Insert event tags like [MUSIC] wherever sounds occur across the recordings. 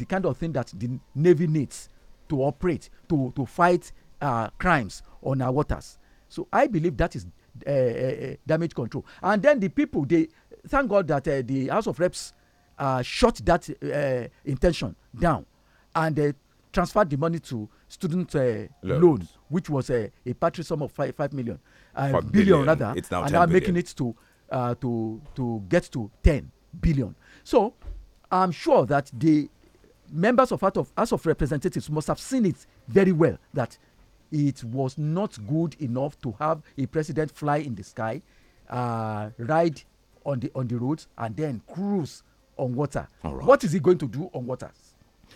the kind of thing that the navy needs to operate to to fight uh, crimes on our waters so i believe that is uh, uh, uh damage control and then the people they thank god that uh, the house of reps uh, shot that intention down and they transferred the money to student loan which was a patronage sum of five, five million five billion, billion rather it's now and now making it to to to get to 10 billion so i'm sure that the members of House of, Representatives must have seen it very well that it was not good enough to have a president fly in the sky, uh, ride on the on the roads, and then cruise on water. Right. What is he going to do on water?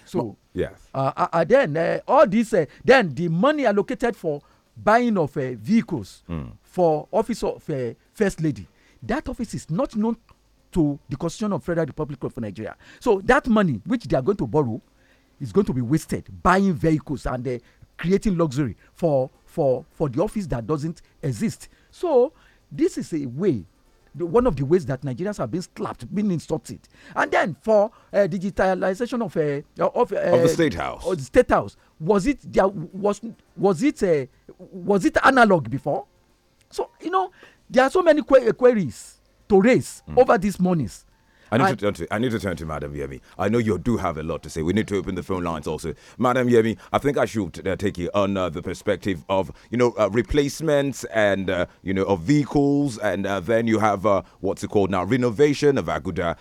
So well, yes, uh, uh, uh then uh, all this, uh, then the money allocated for buying of vehicles mm. for office of first lady, that office is not known to the constitution of Federal Republic of Nigeria. So that money which they are going to borrow is going to be wasted buying vehicles and uh, creating luxury for for for the office that doesn't exist. So this is a way one of the ways that Nigerians have been slapped, been insulted. And then for uh, digitalization of uh, of, uh, of the state house, the state house, was it there was was it uh, was it analog before? So you know there are so many que queries to raise mm. over these monies. I need, I, to turn to, I need to turn to Madam Yemi. I know you do have a lot to say. We need to open the phone lines also. Madam Yemi, I think I should uh, take you on uh, the perspective of, you know, uh, replacements and, uh, you know, of vehicles. And uh, then you have uh, what's it called now? Renovation of Aguda,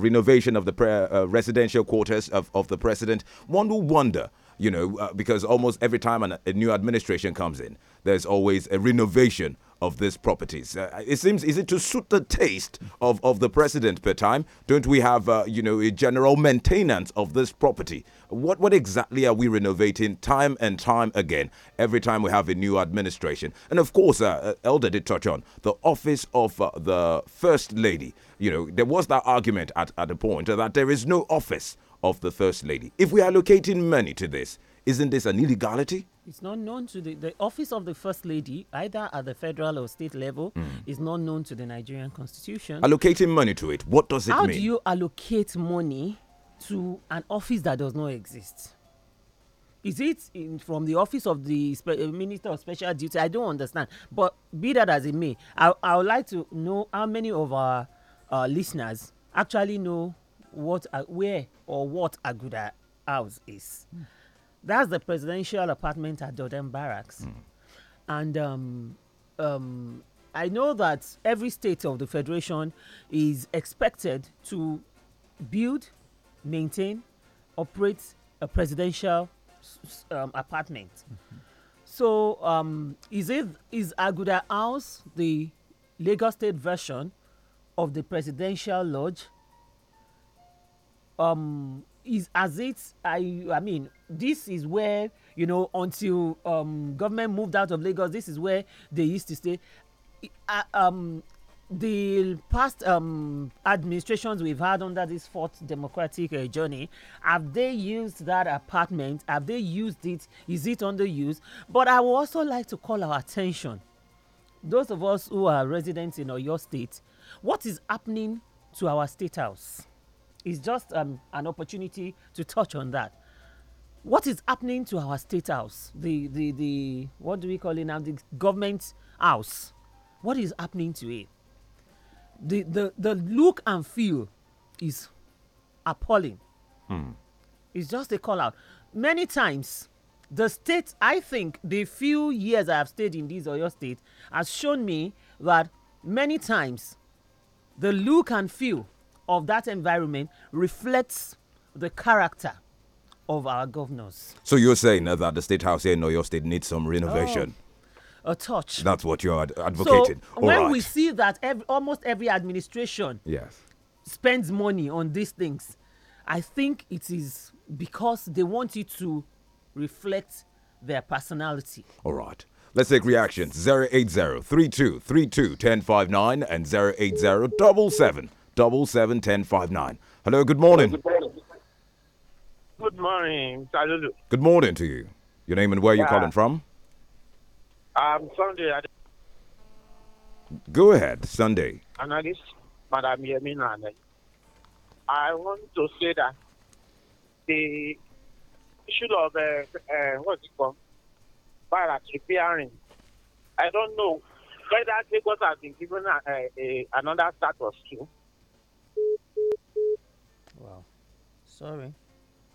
renovation of the residential quarters of, of the president. One will wonder you know, uh, because almost every time an, a new administration comes in, there's always a renovation of these properties. Uh, it seems, is it to suit the taste of, of the president per time? Don't we have, uh, you know, a general maintenance of this property? What, what exactly are we renovating time and time again every time we have a new administration? And of course, uh, uh Elder did touch on the office of uh, the First Lady. You know, there was that argument at, at a point that there is no office of the First Lady. If we are allocating money to this, isn't this an illegality? It's not known to the, the office of the first lady, either at the federal or state level, mm. is not known to the Nigerian constitution. Allocating money to it, what does it How mean? How do you allocate money to an office that does not exist? Is it in, from the office of the uh, Minister of Special Duty? I don't understand. But be that as it may, I, I would like to know how many of our uh, listeners actually know what uh, where or what Aguda House is. Mm. That's the presidential apartment at Dodden Barracks. Mm. And um, um, I know that every state of the Federation is expected to build, maintain, operate a presidential um, apartment. Mm -hmm. So, um, is it is Aguda House the Lagos State version of the presidential lodge? Um, is as it I I mean this is where you know until um, government moved out of Lagos this is where they used to stay. Uh, um, the past um, administrations we've had under this fourth democratic uh, journey have they used that apartment have they used it is it under use? but i would also like to call our attention those of us who are residents in your state what is happening to our state house it's just um, an opportunity to touch on that. What is happening to our state house? The, the, the, what do we call it now? The government house. What is happening to it? The, the, the look and feel is appalling. Hmm. It's just a call out. Many times, the state, I think, the few years I have stayed in this Oyo state has shown me that many times the look and feel of that environment reflects the character of our governors. So you're saying that the state house here in Oyo State needs some renovation? Oh a touch. That's what you're ad advocating. So when right. we see that every, almost every administration yes. spends money on these things, I think it is because they want it to reflect their personality. All right. Let's take reactions 080 3232 1059 and 080 double seven ten five nine. Hello, good morning. Good morning. Good morning. to you. Your name and where yeah. you're calling from? I'm Sunday. Go ahead, Sunday. Analyst, Madam Yemina. I want to say that the issue of uh, uh, what's it called? Barrack repairing. I don't know whether Lagos has been given a, a, another status too. Sorry.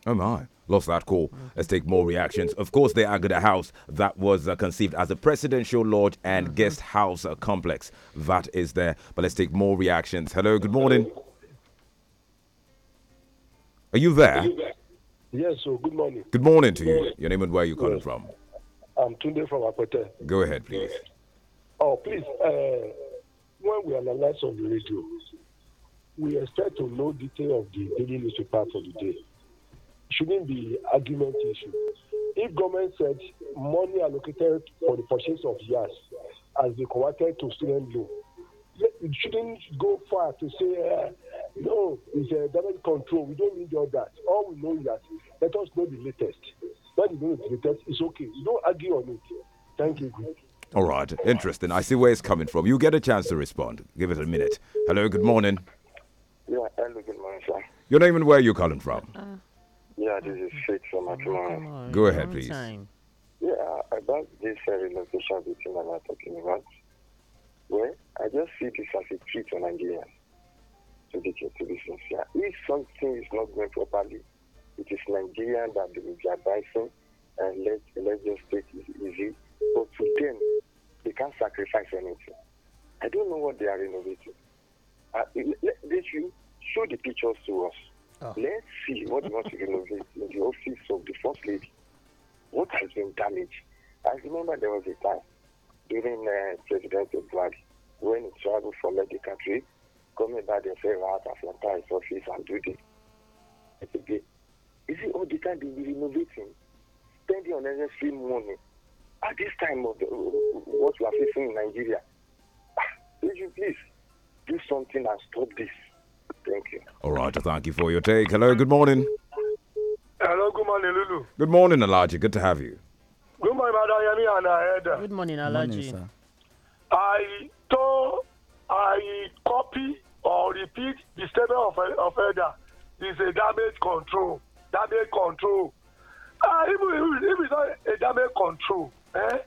Oh my, lost that call. Mm. Let's take more reactions. Of course, the Agada House that was uh, conceived as a presidential lodge and mm -hmm. guest house uh, complex that is there. But let's take more reactions. Hello, good morning. Are you there? Are you there? Yes, so good morning. Good morning to good morning. you. Your name and where you calling yes. from? I'm Tunde from Akwete. Go ahead, please. Oh, please. Uh, when we analyze on the radio, we expect to know detail of the daily newspaper for the day. Shouldn't be argument issue. If government said money allocated for the purchase of gas as they converted to student loan, it shouldn't go far to say, uh, no, it's a eh, damage control. We don't need all that. All we know is that let us know the latest. That is know the latest. It's okay. You don't argue on it. Thank you. All right. Interesting. I see where it's coming from. You get a chance to respond. Give it a minute. Hello. Good morning. Yeah, hello, good morning, sir. Your name and where you're calling from? Uh, yeah, this is Sheikh from oh, Akimara. Go ahead, please. Yeah, about this uh, relocation between I'm talking about. Well, I just see this as a treat on Nigerians. To be, to be sincere, if something is not going properly, it is Nigeria that will be advising and let, let state is easy. But to them, they can't sacrifice anything. I don't know what they are innovating uh, they show the pictures to us. Oh. Let's see what was removed in the office of the First Lady. What has been damaged? I remember there was a time during uh, President Obama when he traveled from the country, coming back and saying, out Atlanta his office and do this. Again. You it all the time they be renovating, spending unnecessary money. At this time of the, what we are facing in Nigeria, ah, would you please do something and stop this. Thank you. All right, thank you for your take. Hello, good morning. Hello, good morning, Lulu. Good morning, Elijah. Good to have you. Good morning, Adayemi and Aeda. Good morning, Elijah. I told, I copy or repeat the statement of, of Eda. It's a damage control. Damage control. Uh, ah, even if it's not a damage control, eh?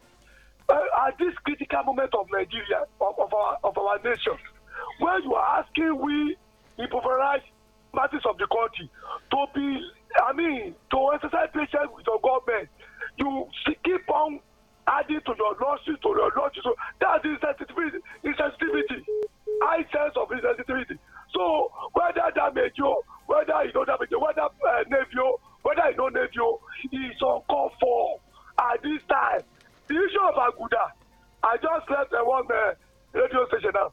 Uh, at this critical moment of Nigeria, of, of, our, of our nation, when you are asking we improvised matters of the country to be i mean to exercise patience with your government you keep on adding to your losses to your losses so is insensitivity insensitivity high sense of insensitivity so whether that make you whether you no that make you whether uh, eh, navy o whether you no navy o is call for at this time the issue of aguda i just left uh, one uh, radio station now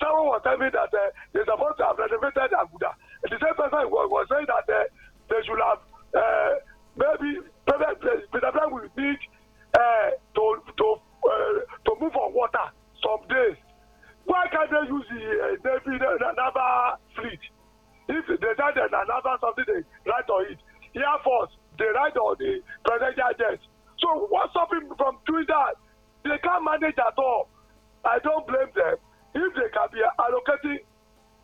someone was telling me that uh, they're supposed to have renovated Aguda. The same person was, was saying that uh, they should have uh, maybe President uh, Blank will need uh, to to uh, to move on water some days. Why can't they use the uh, Navy uh, Naval fleet? If they decide that another something they write on it, Air Force they ride on the presidential jet. So what's stopping from doing that? They can't manage at all. I don't blame them if they can be allocating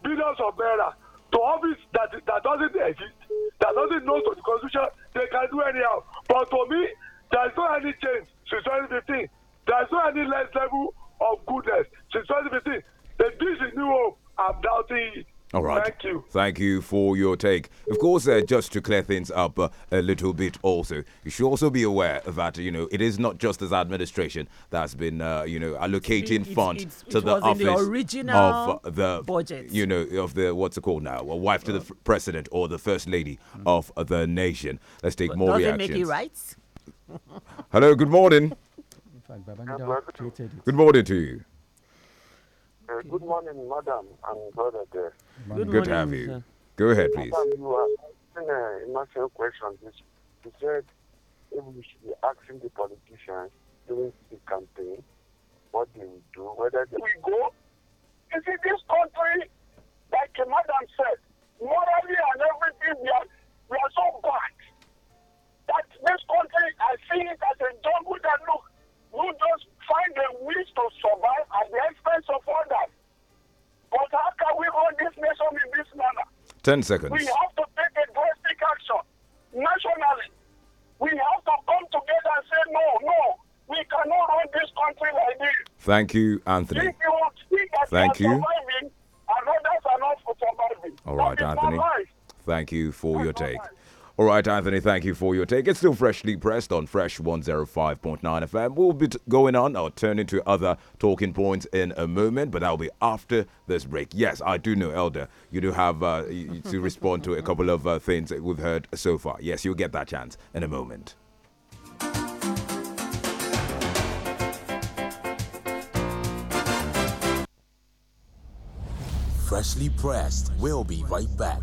billions of naira to office that that doesn't exist that doesn't know to the constitution they can do anyhow but to me there is no any change since 2015 there is no any less level of goodness since 2015 the this is new hope i'm doubting it All right. Thank you. Thank you for your take. Of course, uh, just to clear things up uh, a little bit, also, you should also be aware that you know it is not just this administration that's been uh, you know allocating funds to the office the of uh, the budget. You know of the what's it called now? A wife to the f- president or the first lady mm. of the nation. Let's take but more does reactions. Make it right? [LAUGHS] Hello. Good morning. Good morning to you. good morning, madam and brother there. Good, Good to have you. Sir. Go ahead, please. You are asking answer question. You said if we should be asking the politicians during the campaign what they will do, whether they will go. You see, this country, like madam said, morally and everything, we are, we are so bad that this country, I see it as a jungle that look, we just find a means to survive at the expense of others. But how can we run this nation in this manner? 10 seconds. We have to take a drastic action nationally. We have to come together and say, no, no, we cannot run this country like this. Thank you, Anthony. If you think that Thank you. Surviving, and others are not surviving. All right, Anthony. Thank you for your take. Life. All right, Anthony, thank you for your take. It's still freshly pressed on Fresh 105.9 FM. We'll be going on. I'll turn into other talking points in a moment, but that'll be after this break. Yes, I do know, Elder, you do have uh, to respond to a couple of uh, things that we've heard so far. Yes, you'll get that chance in a moment. Freshly pressed. We'll be right back.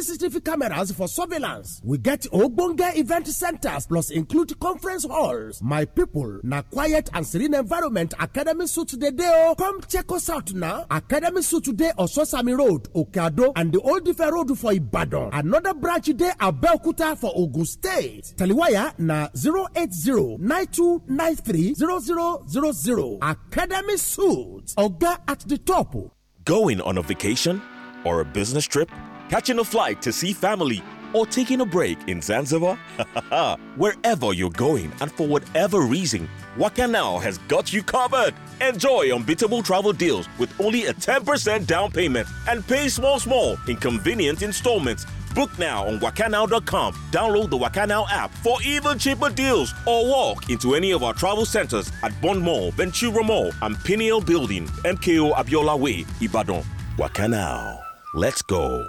CCTV cameras for surveillance. We get Ogbonge event centers plus include conference halls. My people, na quiet and serene environment Academy Suit today dey Come check us out now. Academy Suit today Ososami Road, Okeado and the Old Ife Road for Ibadan. Another branch dey Abeokuta for Ogun State. Taliwaya na 08092930000. Academy Suit. Oga at the top. Going on a vacation or a business trip catching a flight to see family, or taking a break in Zanzibar? [LAUGHS] Wherever you're going and for whatever reason, Waka Now has got you covered. Enjoy unbeatable travel deals with only a 10% down payment and pay small, small in convenient installments. Book now on wakanow.com. Download the Wakanow app for even cheaper deals or walk into any of our travel centers at Bond Mall, Ventura Mall, and Pineal Building, MKO Abiola Way, Ibadan. Wakanow. Let's go.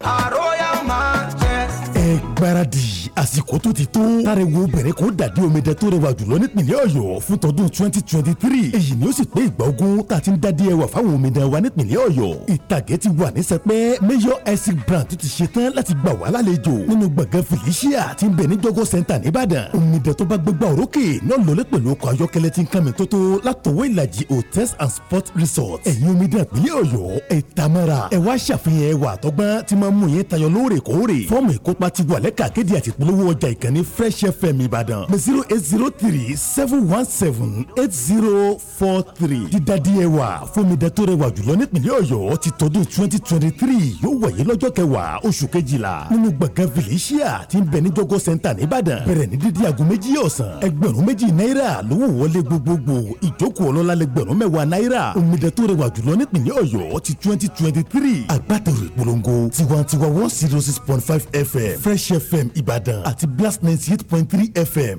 A royal majesty. gbáradì àsìkò tó ti tó tariwo bẹ̀rẹ̀ kó dàdí omidan tó rẹwà jùlọ nípìnlẹ̀ ọ̀yọ́ fún tọdún twenty twenty three èyí ni ó sì pé ìgbà ogún tá a ti ń dá díẹ̀ wà fáwọn omidan wa nípìnlẹ̀ ọ̀yọ́ ìtàgé ti wà ní sẹpẹ́ mayor essex brand tó ti ṣetán láti gbà wá lálejò nínú gbọ̀ngàn felicia ti ń bẹ ní jọgọ́ center nìbàdàn omidan tó bá gbégbá òrókè náà lọlé pẹ̀lú ọkọ̀ ayọ́kẹ́lẹ́ ti ń kàmì tótó látọwọ́ ìlàjì and sports resort ẹ̀yin omidan ìpínlẹ̀ ọ̀yọ́ ẹ̀ tamara ẹ̀ wá ṣàfihàn ẹwà àtọ́gbọ́n ti máa mú yín tayọ lóòrèkóòrè fọ́ọ̀mù ìkópa rebecca kéde àti polówó ọjà ìkànnì fresh fm ìbàdàn pé zero eight zero three seven one seven eight zero four three dídádì ẹwà fúnmidẹ tó rẹwà jùlọ nípìnlẹ̀ ọ̀yọ́ ti tọdún twenty twenty three yóò wáyé lọ́jọ́ kẹwàá oṣù kejìlá nínú gbọ̀ngàn felicia ti ń bẹ ní jọgọ center nìbàdàn bẹ̀rẹ̀ ní dídí aago méjì ọ̀sán ẹgbẹ̀rún méjì náírà lówó wọlé gbogbogbò ìjókòó ọlọ́lá lẹgbẹ̀rún mẹ́wàá náírà omidẹ tó rẹwà jùlọ nípìnlẹ̀ ọ̀yọ́ ti twenty twenty three àgbàtẹ̀rù ìpolongo tiwantiwa one zero six point five fm fresh fm ìbàdàn àti blast ninety eight point three fm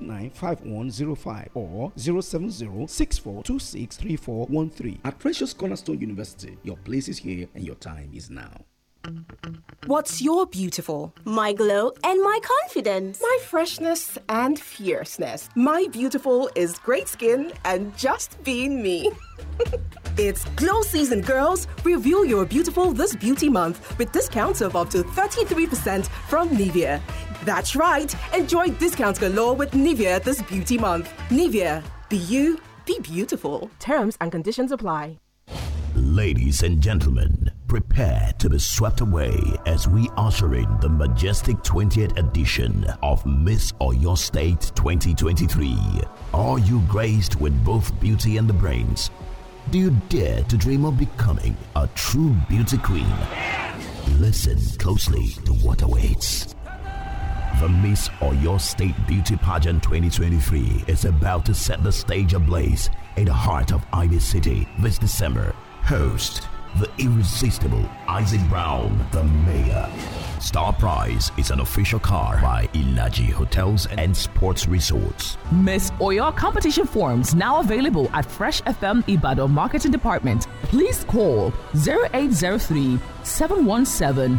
395105 or 070 At Precious Cornerstone University, your place is here and your time is now. What's your beautiful? My glow and my confidence. My freshness and fierceness. My beautiful is great skin and just being me. [LAUGHS] it's glow season, girls. Review your beautiful this beauty month with discounts of up to 33% from Nivea. That's right. Enjoy discounts galore with Nivea this beauty month. Nivea, be you, be beautiful. Terms and conditions apply. Ladies and gentlemen, prepare to be swept away as we usher in the majestic 20th edition of Miss or Your State 2023. Are you graced with both beauty and the brains? Do you dare to dream of becoming a true beauty queen? Listen closely to what awaits the Miss or Your State Beauty Pageant 2023 is about to set the stage ablaze in the heart of Ivy City this December. Host the irresistible Isaac Brown, the mayor. Star Prize is an official car by Ilaji Hotels and Sports Resorts. Miss Oyo competition forms now available at Fresh FM Ibadan Marketing Department. Please call 0803 717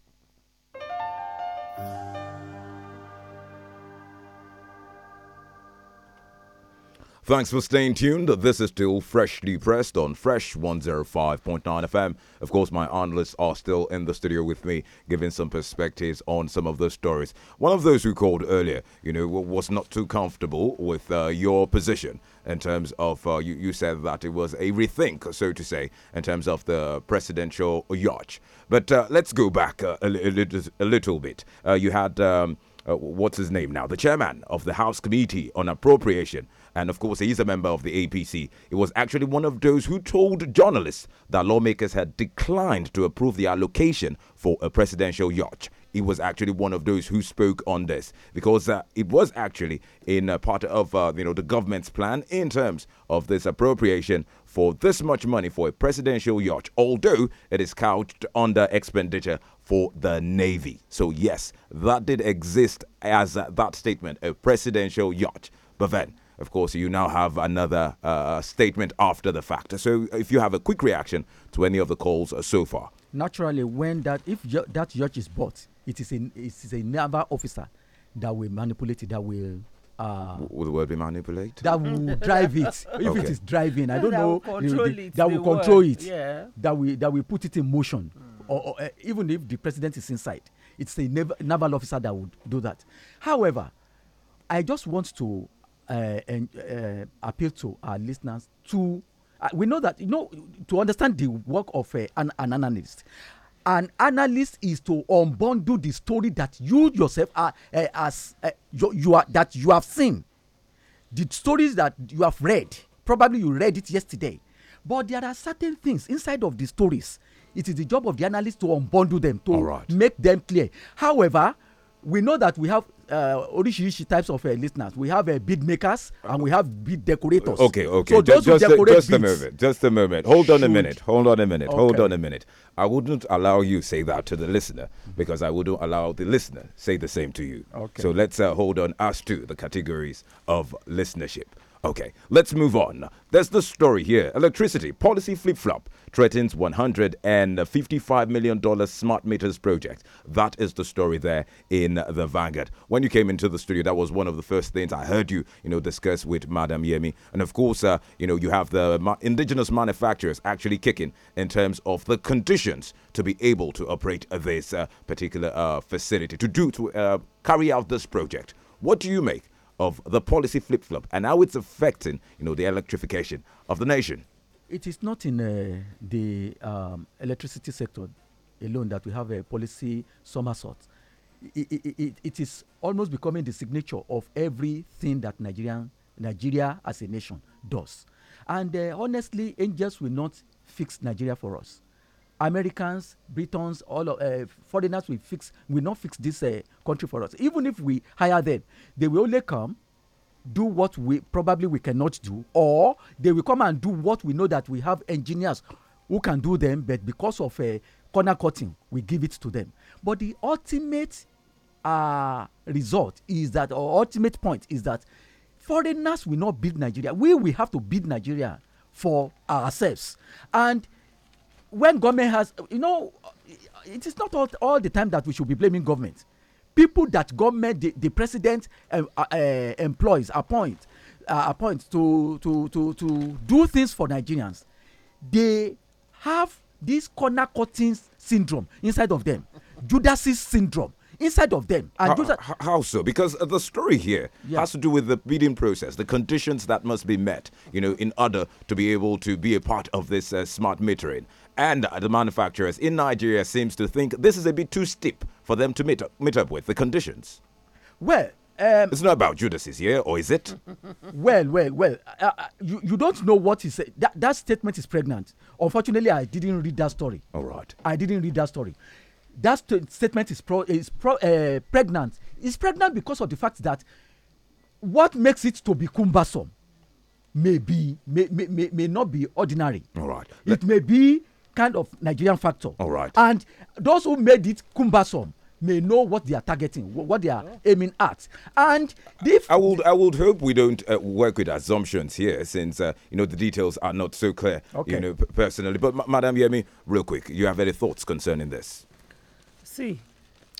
Thanks for staying tuned. This is still freshly pressed on Fresh 105.9 FM. Of course, my analysts are still in the studio with me, giving some perspectives on some of the stories. One of those who called earlier, you know, was not too comfortable with uh, your position in terms of uh, you, you said that it was a rethink, so to say, in terms of the presidential yacht. But uh, let's go back a, a, little, a little bit. Uh, you had. Um, uh, what's his name now? The chairman of the House Committee on Appropriation and of course, he is a member of the APC. It was actually one of those who told journalists that lawmakers had declined to approve the allocation for a presidential yacht he was actually one of those who spoke on this because uh, it was actually in uh, part of uh, you know the government's plan in terms of this appropriation for this much money for a presidential yacht, although it is couched under expenditure for the navy. So yes, that did exist as uh, that statement, a presidential yacht. But then of course, you now have another uh, uh, statement after the fact. So, if you have a quick reaction to any of the calls uh, so far, naturally, when that if that judge is bought, it is a it is a naval officer that will manipulate it, that will uh, will the word be manipulate? That will [LAUGHS] drive it. If okay. it is driving, I don't that know. Will the, it, that will control word. it. Yeah. That will that will put it in motion. Mm. Or, or uh, even if the president is inside, it's a naval officer that would do that. However, I just want to and, uh, uh, appeal to our listeners to uh, we know that you know to understand the work of an, an analyst an analyst is to unbundle the story that you yourself are uh, as uh, you, you, are that you have seen the stories that you have read probably you read it yesterday but there are certain things inside of the stories it is the job of the analyst to unbundle them to right. make them clear however we know that we have uh, these types of uh, listeners we have uh, bead makers and we have bead decorators. okay okay so just, uh, just, a, just a moment just a moment hold should. on a minute hold on a minute okay. hold on a minute i wouldn't allow you say that to the listener because i wouldn't allow the listener say the same to you okay so let's uh, hold on as to the categories of listenership Okay, let's move on. There's the story here. Electricity policy flip flop threatens $155 million smart meters project. That is the story there in the Vanguard. When you came into the studio, that was one of the first things I heard you, you know, discuss with Madam Yemi. And of course, uh, you know, you have the indigenous manufacturers actually kicking in terms of the conditions to be able to operate this uh, particular uh, facility, to do, to uh, carry out this project. What do you make of the policy flip flop and how it's affecting, you know, the electrification of the nation? It is not in uh, the um, electricity sector alone that we have a policy somersault. It, it, it, it is almost becoming the signature of everything that Nigerian Nigeria as a nation does. And uh, honestly, angels will not fix Nigeria for us. Americans, Britons, all of, uh, foreigners will fix, will not fix this uh, country for us. Even if we hire them, they will only come, do what we probably we cannot do, or they will come and do what we know that we have engineers who can do them, but because of uh, corner cutting, we give it to them. But the ultimate uh, result is that, or ultimate point is that foreigners will not build Nigeria. We will have to build Nigeria for ourselves. And when government has you know it is not all, all the time that we should be blaming government people that government the, the president uh, uh, uh, employs appoint uh, appoint to to to to do things for nigerians they have this corner cutting syndrome inside of them judas syndrome inside of them. And how, how, so? Because uh, the story here yeah. has to do with the bidding process, the conditions that must be met, you know, in order to be able to be a part of this uh, smart metering and the manufacturers in Nigeria seems to think this is a bit too steep for them to meet up, meet up with the conditions. Well, um, it's not about is here, or is it? [LAUGHS] well, well, well. Uh, uh, you, you don't know what he said. That, that statement is pregnant. Unfortunately, I didn't read that story. All right. I didn't read that story. That st statement is, pro, is pro, uh, pregnant. It's pregnant because of the fact that what makes it to be cumbersome may be may, may, may, may not be ordinary. All right. Let it may be kind of Nigerian factor. All right. And those who made it cumbersome may know what they are targeting, what they are aiming at. And if I would, I would hope we don't uh, work with assumptions here, since uh, you know the details are not so clear. Okay. You know, personally, but Ma Madam Yemi, real quick, you have any thoughts concerning this? See,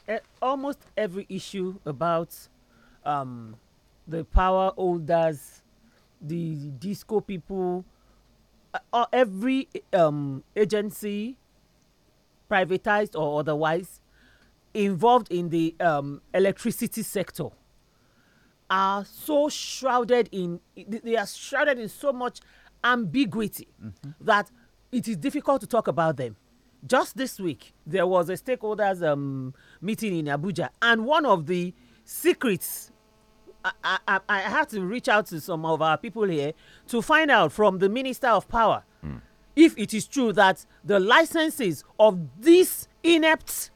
uh, almost every issue about um, the power holders, the disco people, uh, uh, every um, agency, privatized or otherwise, involved in the um, electricity sector are so shrouded in they are shrouded in so much ambiguity mm -hmm. that it is difficult to talk about them. Just this week, there was a stakeholders um, meeting in Abuja, and one of the secrets I, I, I have to reach out to some of our people here to find out from the Minister of Power mm. if it is true that the licenses of these inept,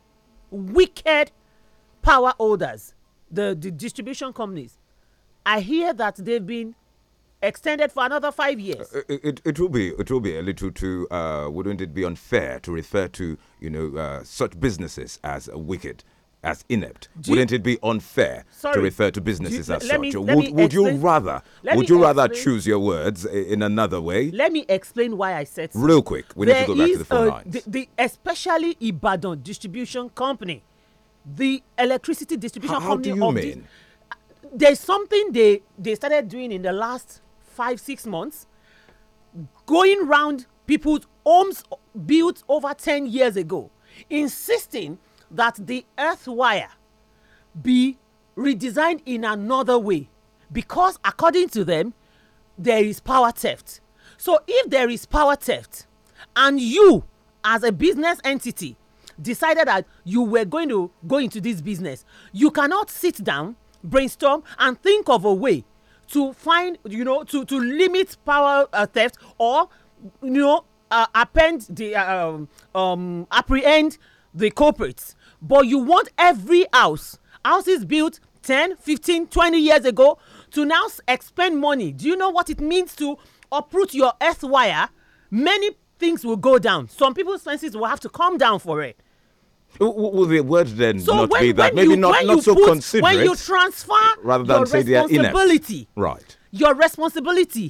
wicked power holders, the, the distribution companies, I hear that they've been extended for another five years. Uh, it, it, it, will be it will be a little too. Uh, wouldn't it be unfair to refer to you know uh, such businesses as wicked? as inept? Do Wouldn't you, it be unfair sorry, to refer to businesses you, as such? Me, would, would you rather would you rather choose your words in another way? Let me explain why I said so. Real quick, we there need to go back to the phone a, lines. The, the, especially Ibadan Distribution Company, the electricity distribution How company. How do you mean? there's something they they started doing in the last five six months, going round people's homes built over ten years ago, insisting that the earth wire be redesigned in another way because according to them there is power theft so if there is power theft and you as a business entity decided that you were going to go into this business you cannot sit down brainstorm and think of a way to find you know to to limit power uh, theft or you know uh, append the uh, um, um, apprehend the culprits but you want every house houses built 10 15 20 years ago to now expend money do you know what it means to uproot your earth wire many things will go down some people's fences will have to come down for it Will the word then so not when, be that? Maybe you, not, not so put, considerate. When you transfer rather than your say responsibility, right? Your responsibility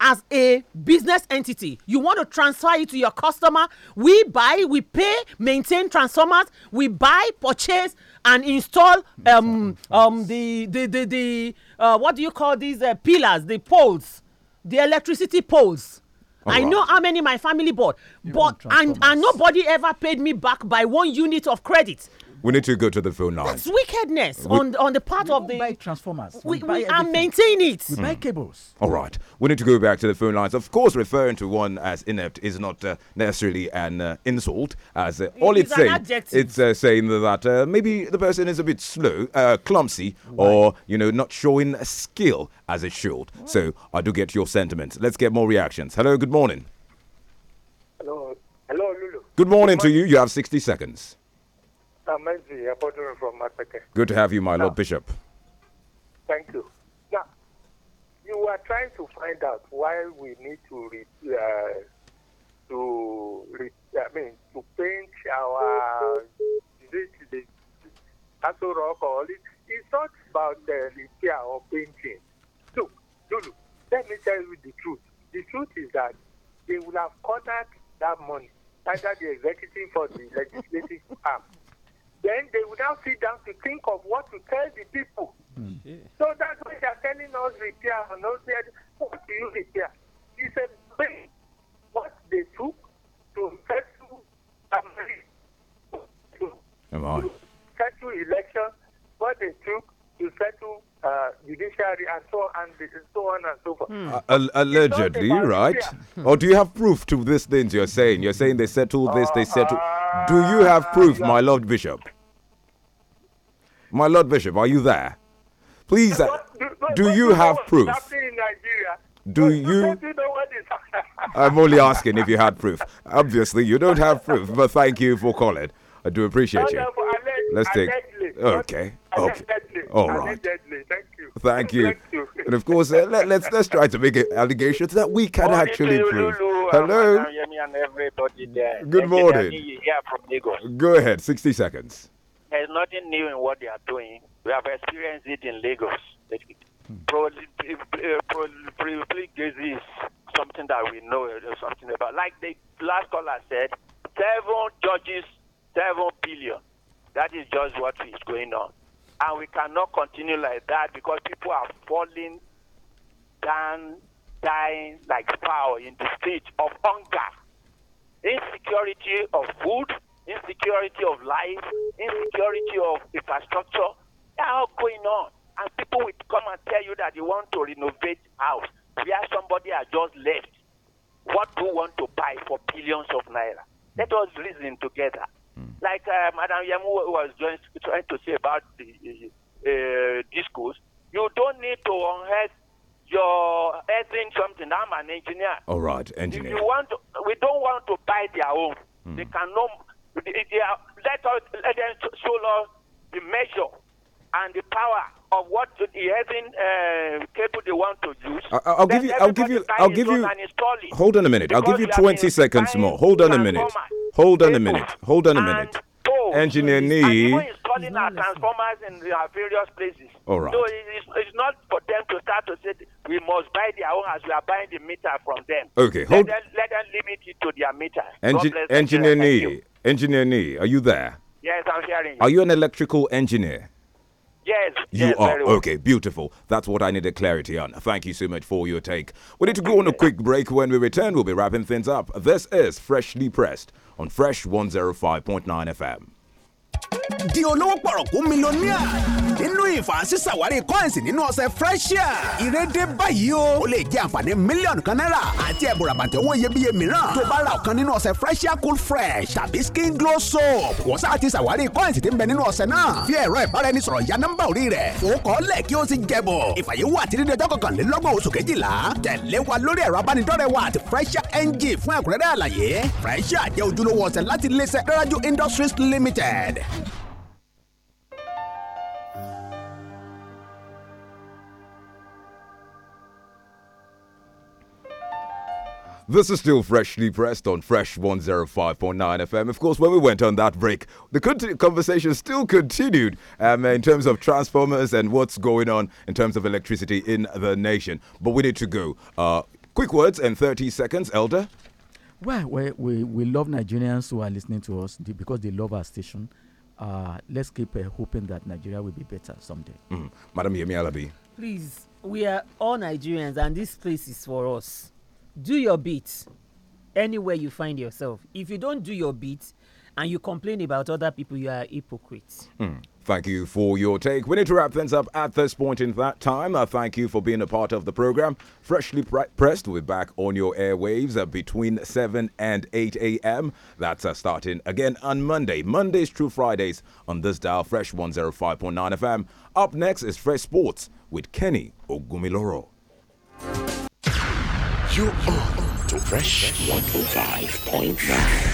as a business entity you want to transfer it to your customer we buy we pay maintain transformers we buy purchase and install um um the the the, the uh, what do you call these uh, pillars the poles the electricity poles oh, I know how many my family bought, you but and, and nobody ever paid me back by one unit of credit. We need to go to the phone now. That's wickedness we, on on the part of the. Buy transformers. We, we, we maintain it. We buy hmm. cables. All right. We need to go back to the phone lines. Of course, referring to one as inept is not uh, necessarily an uh, insult. As uh, all it's, it's saying, adjective. it's uh, saying that uh, maybe the person is a bit slow, uh, clumsy, Why? or you know, not showing skill as it should. So I do get your sentiments. Let's get more reactions. Hello. Good morning. Hello. Hello, Lulu. Good morning, good morning. to you. You have sixty seconds from Good to have you, my now, Lord Bishop. Thank you. Now, you are trying to find out why we need to re, uh, to re, I mean to paint our Castle Rock or it's not about the repair or painting. Look, Lulu, let me tell you the truth. The truth is that they will have cornered that money, either the executive or the legislative arm then they would now sit down to think of what to tell the people. Mm. Yeah. So that's why they are telling us repair and not what do you repair? He said, what they took to settle Come on. To settle election, what they took to settle uh, judiciary and so on and so on and so forth. Mm. Uh, allegedly, right? or do you have proof to these things you're saying? You're saying they settled this, they settled. Uh, do you have proof, my ah, loved bishop? My Lord Bishop, are you there? Please, uh, do you have proof? Do you? I'm only asking if you had proof. Obviously, you don't have proof, but thank you for calling. I do appreciate you. Let's take. Okay. Okay. All right. Thank you. Thank you. And of course, uh, let, us let's, let's try to make allegations that we can actually prove. Uh, Hello. Good morning. Go ahead. Sixty seconds. There's nothing new in what they are doing. We have experienced it in Lagos. Hmm. Probably, is something that we know something about. Like the last caller said, seven judges, seven billion. That is just what is going on. And we cannot continue like that because people are falling down, dying like fowl in the street of hunger, insecurity of food, insecurity of life, insecurity of infrastructure. They are all going on. And people will come and tell you that they want to renovate house where somebody has just left. What do you want to buy for billions of naira? Let us reason together. Hmm. Like uh, Madam Yamu was trying to say about the uh, discourse, you don't need to unhead your earthing something. I'm an engineer. All right, engineer. If you want, to, we don't want to buy their own. Mm. They cannot let, us, let them show us the measure and the power of what the heaven uh, cable they want to use. I, will give you. I'll give you. I'll give you. Hold on a minute. I'll give you 20 seconds more. Hold on a minute. Hold on a minute. Hold on a minute. Engineer Nee. installing our transformers in our various places. All right. So it's, it's not for them to start to say we must buy their own as we are buying the meter from them. Okay. Hold. Let them, let them limit it to their meter. Engi- Engineer Nee. Engineer Nee, are you there? Yes, I'm hearing you. Are you an electrical engineer? Yes. You yes, are. Well. Okay, beautiful. That's what I needed clarity on. Thank you so much for your take. We need to go on a quick break. When we return, we'll be wrapping things up. This is Freshly Pressed on Fresh 105.9 FM. di olówó pọ̀rọ̀kú mílíọ̀nìà nínú ìfàṣìṣàwárí coins nínú ọ̀sẹ̀ freshia ìrèdè báyìí o ó lè jẹ́ àǹfààní mílíọ̀nù kan náírà àti ẹ̀bùn ràbàtì owó iyebíye mìíràn tó bá ra ọ̀kan nínú ọ̀sẹ̀ freshia cool fresh tàbí skin glow soap wọ́n sá ti ṣàwárí coins tí ń bẹ nínú ọ̀sẹ̀ náà fi ẹ̀rọ ìbáraẹnisọ̀rọ̀ ya nọ́mbà orí rẹ̀ fòókọ́lẹ̀ kí ó sì jẹ̀bọ̀ ìfàyẹ̀wò àti dídé ọjọ́ kọkànlélọ́gbọ̀n oṣù kejìlá tẹ̀lé wa wa àti freshia ng fún ẹ̀kúnrẹ́rẹ́ àlàyé freshia jẹ́ ojúlówó ọ̀sẹ̀ láti iléeṣẹ́ Daraju Industries Limited This is still freshly pressed on Fresh 105.9 FM. Of course, when we went on that break, the conversation still continued um, in terms of transformers and what's going on in terms of electricity in the nation. But we need to go. Uh, quick words and 30 seconds, Elder. Well, we, we, we love Nigerians who are listening to us because they love our station uh, let's keep uh, hoping that Nigeria will be better someday. Mm. Madam Yemi Alabi. Please, we are all Nigerians and this place is for us. Do your bit anywhere you find yourself. If you don't do your bit and you complain about other people, you are a hypocrite. Mm. Thank you for your take. We need to wrap things up at this point in that time. Uh, thank you for being a part of the program. Freshly pre pressed, we're back on your airwaves uh, between 7 and 8 a.m. That's uh, starting again on Monday, Mondays through Fridays on this dial, Fresh 105.9 FM. Up next is Fresh Sports with Kenny Ogumiloro. You are on to Fresh 105.9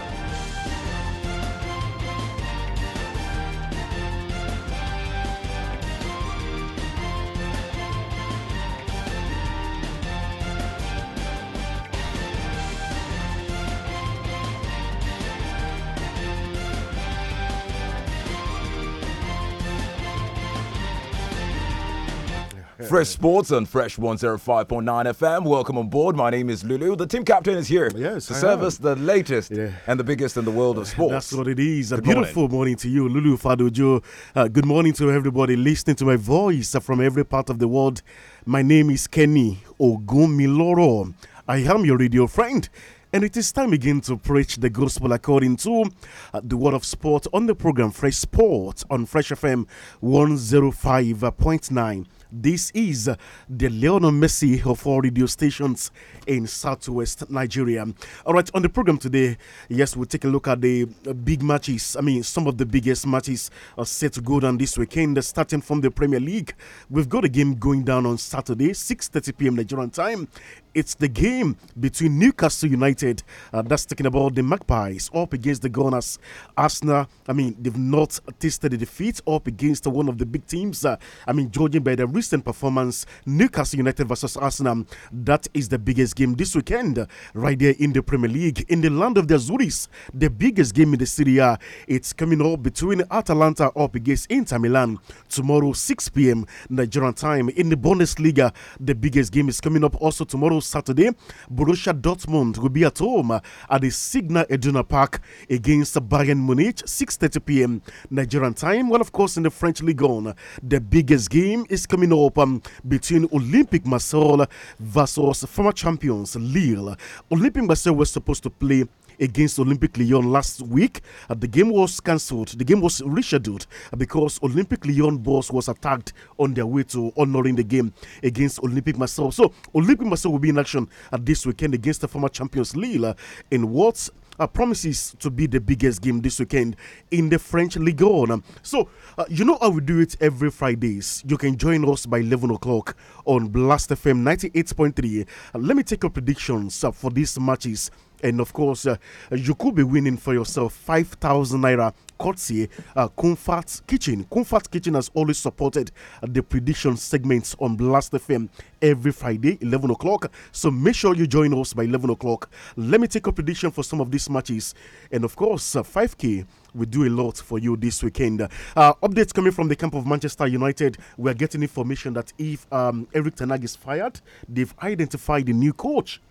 Fresh Sports on Fresh 105.9 FM. Welcome on board. My name is Lulu. The team captain is here yes, to I serve am. us the latest yeah. and the biggest in the world of sports. That's what it is. Good a beautiful morning. morning to you, Lulu Fadujo. Uh, good morning to everybody listening to my voice from every part of the world. My name is Kenny Ogumiloro. I am your radio friend. And it is time again to preach the gospel according to uh, the word of sport on the program Fresh Sport on Fresh FM 105.9. This is the Lionel Messi of all radio stations in southwest Nigeria. All right, on the program today, yes, we'll take a look at the big matches. I mean, some of the biggest matches are set to go down this weekend, starting from the Premier League. We've got a game going down on Saturday, 6.30 p.m. Nigerian time. It's the game between Newcastle United, uh, that's talking about the Magpies, up against the Gunners. Arsenal, I mean, they've not tasted a defeat up against one of the big teams. Uh, I mean, judging by the recent performance, Newcastle United versus Arsenal. That is the biggest game this weekend, right there in the Premier League, in the land of the Azuris. The biggest game in the Serie It's coming up between Atalanta up against Inter Milan tomorrow, 6 p.m. Nigerian time. In the Bundesliga, the biggest game is coming up also tomorrow, Saturday. Borussia Dortmund will be at home at the Signal Iduna Park against Bayern Munich, 6:30 p.m. Nigerian time. Well, of course, in the French Ligue 1, the biggest game is coming up um, between Olympic Marseille versus former champions Lille. Olympic Marseille was supposed to play against Olympic Lyon last week. Uh, the game was cancelled. The game was rescheduled because Olympic Lyon boss was attacked on their way to honoring the game against Olympic Marseille. So Olympic Marseille will be in action at uh, this weekend against the former champions Lille uh, in what uh, promises to be the biggest game this weekend in the French Ligue 1. So, uh, you know how we do it every Fridays. You can join us by 11 o'clock on Blast FM 98.3. Uh, let me take your predictions uh, for these matches and of course, uh, you could be winning for yourself 5,000 naira courtesy uh, Comfort Kitchen. Comfort Kitchen has always supported uh, the prediction segments on Blast FM every Friday, 11 o'clock. So make sure you join us by 11 o'clock. Let me take a prediction for some of these matches. And of course, uh, 5K we do a lot for you this weekend. Uh, updates coming from the camp of Manchester United. We are getting information that if um, Eric Tenag is fired, they've identified a new coach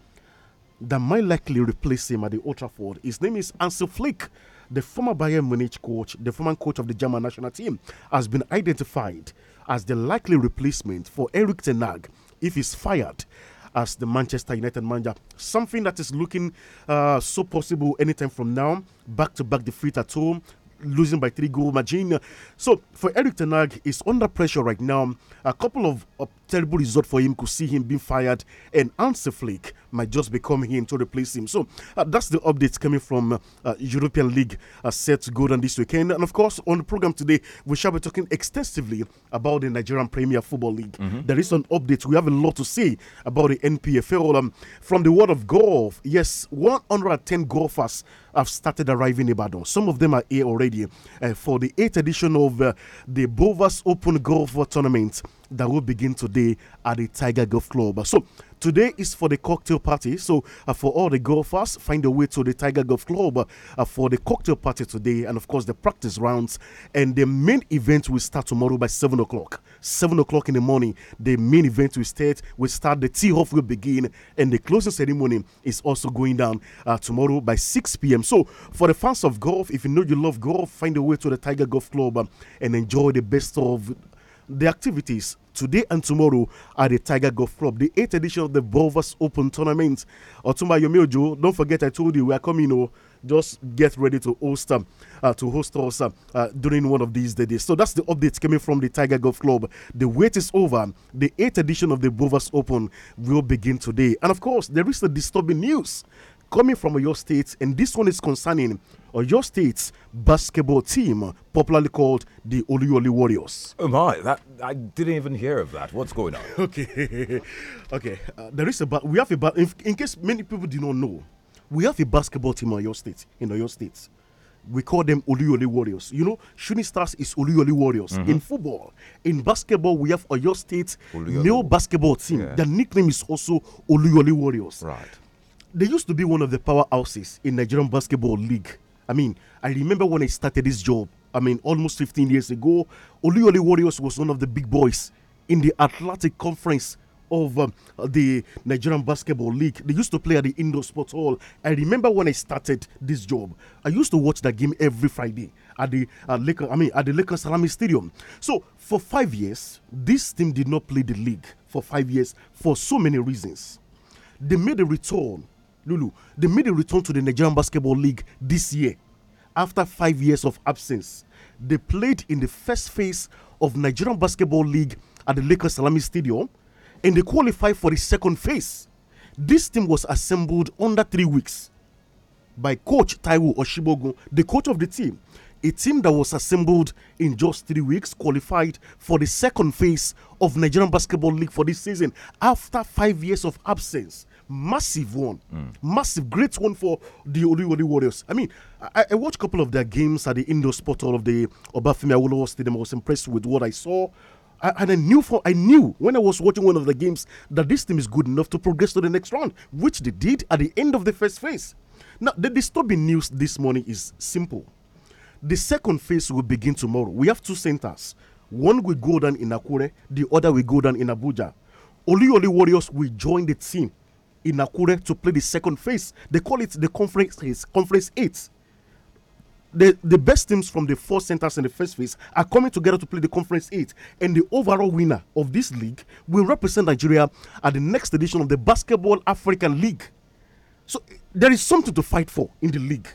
that might likely replace him at the ultra Ford. His name is Ansel Flick. The former Bayern Munich coach, the former coach of the German national team, has been identified as the likely replacement for Eric Tenag if he's fired as the Manchester United manager. Something that is looking uh, so possible anytime from now. Back to back defeat at home, losing by three goal margin. So for Eric Tenag, he's under pressure right now. A couple of a terrible result for him could see him being fired, and Anse Flick might just become him to replace him. So uh, that's the updates coming from uh, European League uh, set to go down this weekend. And of course, on the program today, we shall be talking extensively about the Nigerian Premier Football League. Mm -hmm. There is an update. We have a lot to say about the NPFL. Um, from the world of golf, yes, 110 golfers have started arriving in Ibadan. Some of them are here already uh, for the eighth edition of uh, the Bovas Open Golf Tournament that will begin today at the Tiger Golf Club. So today is for the cocktail party. So uh, for all the golfers, find a way to the Tiger Golf Club uh, for the cocktail party today, and of course the practice rounds. And the main event will start tomorrow by seven o'clock. Seven o'clock in the morning, the main event will start. Will start. The tee off will begin, and the closing ceremony is also going down uh, tomorrow by six p.m. So for the fans of golf, if you know you love golf, find a way to the Tiger Golf Club uh, and enjoy the best of the activities today and tomorrow at the Tiger Golf Club, the 8th edition of the Bovers Open Tournament. Otumba Yomeojo, don't forget I told you we are coming, oh, just get ready to host um, uh, to host us uh, uh, during one of these days. So that's the update coming from the Tiger Golf Club. The wait is over. The 8th edition of the Bovers Open will begin today. And of course, there is the disturbing news coming from your state, and this one is concerning your state's basketball team, popularly called the Oluyoli Warriors. Oh my, that I didn't even hear of that. What's going on? [LAUGHS] okay, [LAUGHS] okay. Uh, there is a we have a in, in case many people do not know, we have a basketball team in your state. In your state, we call them Oluyoli Warriors. You know, Shooting Stars is Oluyoli Warriors. Mm -hmm. In football, in basketball, we have Oyo State Oluyoli. male basketball team. Yeah. The nickname is also Oluyoli Warriors. Right they used to be one of the powerhouses in Nigerian Basketball League. I mean, I remember when I started this job, I mean, almost 15 years ago, Oluyole Warriors was one of the big boys in the Atlantic Conference of um, the Nigerian Basketball League. They used to play at the Indoor Sports Hall. I remember when I started this job, I used to watch that game every Friday at the uh, I mean, at the Lakers Salami Stadium. So for five years, this team did not play the league for five years for so many reasons. They made a return Lulu, they made a return to the Nigerian Basketball League this year after five years of absence. They played in the first phase of Nigerian Basketball League at the Lakers Salami Stadium and they qualified for the second phase. This team was assembled under three weeks by coach Taiwo Oshibogo, the coach of the team. A team that was assembled in just three weeks qualified for the second phase of Nigerian Basketball League for this season after five years of absence. Massive one. Mm. Massive, great one for the Oluwole Warriors. I mean, I, I, watched a couple of their games at the indoor sport hall of the Obafemi Awolowo Stadium. I was impressed with what I saw. I, and I knew for I knew when I was watching one of the games that this team is good enough to progress to the next round, which they did at the end of the first phase. Now, the disturbing news this morning is simple. The second phase will begin tomorrow. We have two centers. One will go down in Akure, the other will go down in Abuja. Oli Oli Warriors will join the team in Akure to play the second phase. They call it the conference is conference eight. The, the best teams from the four centers in the first phase are coming together to play the conference eight, and the overall winner of this league will represent Nigeria at the next edition of the Basketball African League. So there is something to fight for in the league.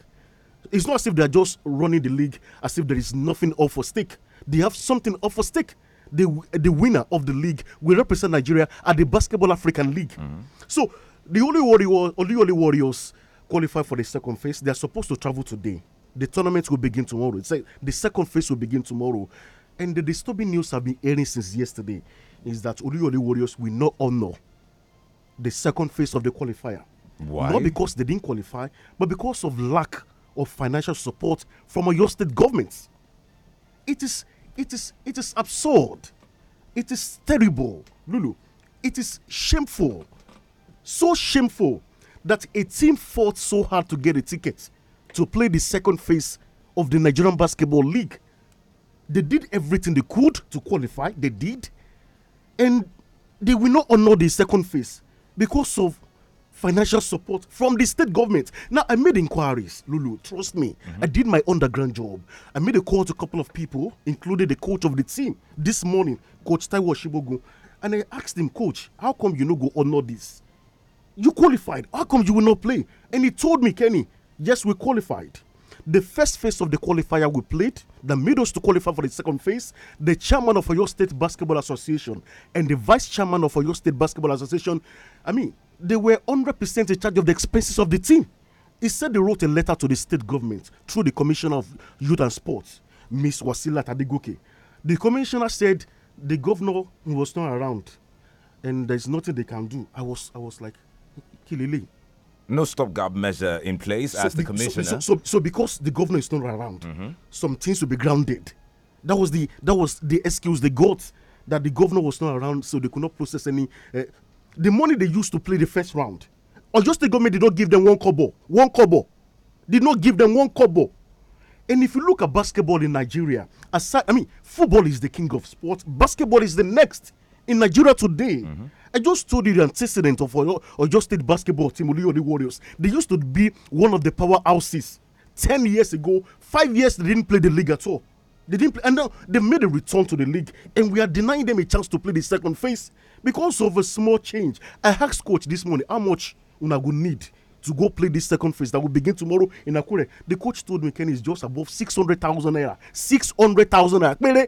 It's not as if they are just running the league as if there is nothing off for stake. They have something off for stake the the winner of the league will represent Nigeria at the Basketball African League. Mm -hmm. So the only Warriors, only only Warriors qualify for the second phase. They are supposed to travel today. The tournament will begin tomorrow. It's like the second phase will begin tomorrow. And the disturbing news I've been hearing since yesterday is that only Warriors will not honor the second phase of the qualifier. Why? Not because they didn't qualify, but because of lack of financial support from your state government. It is, it is, it is absurd. It is terrible, Lulu. It is shameful so shameful that a team fought so hard to get a ticket to play the second phase of the Nigerian Basketball League. They did everything they could to qualify, they did, and they will not honor the second phase because of financial support from the state government. Now, I made inquiries, Lulu, trust me. Mm -hmm. I did my underground job. I made a call to a couple of people, including the coach of the team this morning, Coach Taiwo Shibogu. And I asked him, Coach, how come you no go honor this? You qualified. How come you will not play? And he told me, Kenny, yes, we qualified. The first phase of the qualifier we played, the middle to qualify for the second phase, the chairman of your State Basketball Association and the vice chairman of your State Basketball Association, I mean, they were 100% in charge of the expenses of the team. He said they wrote a letter to the state government through the Commissioner of Youth and Sports, Miss Wasila Tadigoke. The commissioner said the governor was not around and there's nothing they can do. I was, I was like, kí leléyìí. no stopgap measure in place so as the, the commissioner. So, so, so, because the governor is not around, mm -hmm. some things will be grounded. That was the that was the excuse they got that the governor was not around, so they could not process any. Uh, the money they used to play the first round, or just the government did not give them one kobo, one kobo, did not give them one kobo. And if you look at basketball in Nigeria, aside, I mean, football is the king of sports. Basketball is the next in Nigeria today. Mm -hmm. I just told you the antecedent of our adjusted State basketball team, Oluyode Warriors. They used to be one of the powerhouses. Ten years ago, five years they didn't play the league at all. They didn't play, and now they made a return to the league, and we are denying them a chance to play the second phase because of a small change. I asked coach this morning how much Una go need to go play this second phase that will begin tomorrow in Akure. The coach told me Kenny is just above six hundred thousand naira. Six hundred thousand naira.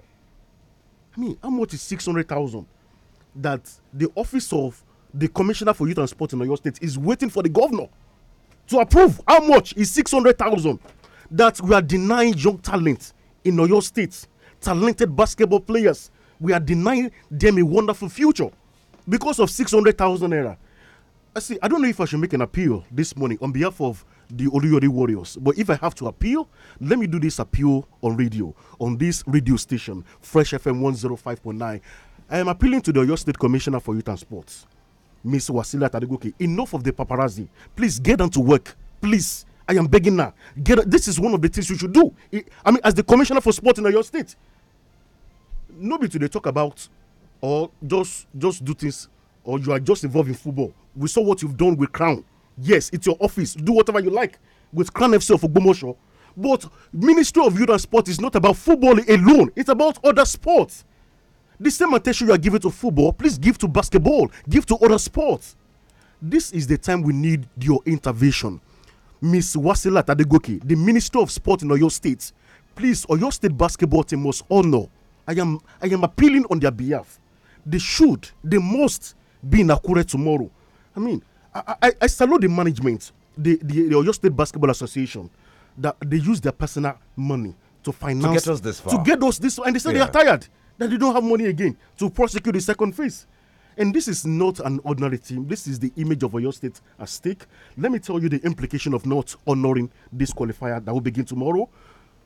I mean, how much is six hundred thousand? that the office of the commissioner for youth and sport in Oyo State is waiting for the governor to approve how much is 600,000 that we are denying young talent in Oyo State, talented basketball players. We are denying them a wonderful future because of 600,000 naira. I see, I don't know if I should make an appeal this morning on behalf of the Oluyori Warriors, but if I have to appeal, let me do this appeal on radio, on this radio station, Fresh FM 105.9. I am appealing to the Oyo State Commissioner for Youth and Sports, Ms. Wasila Tadegoke. Enough of the paparazzi. Please get down to work. Please. I am begging now. Get this is one of the things you should do. I mean, as the commissioner for sport in your state, nobody today talk about or just just do things or you are just involved in football. We saw what you've done with Crown. Yes, it's your office. Do whatever you like with Crown FC for Ogbomoso. But Ministry of Youth and Sport is not about football alone. It's about other sports. The same attention you are giving to football, please give to basketball, give to other sports. This is the time we need your intervention. Miss Wasila Tadegoki, the Minister of Sport in Oyo State, please, Oyo State basketball team must honor. I am, I am appealing on their behalf. They should, they must be in Akure tomorrow. I mean, I, I, I salute the management, the, the, the Oyo State Basketball Association, that they use their personal money to finance to get us this far. To get us this, and they said yeah. they are tired that they don't have money again to prosecute the second phase. And this is not an ordinary team. This is the image of Oyo State at stake. Let me tell you the implication of not honoring this qualifier that will begin tomorrow.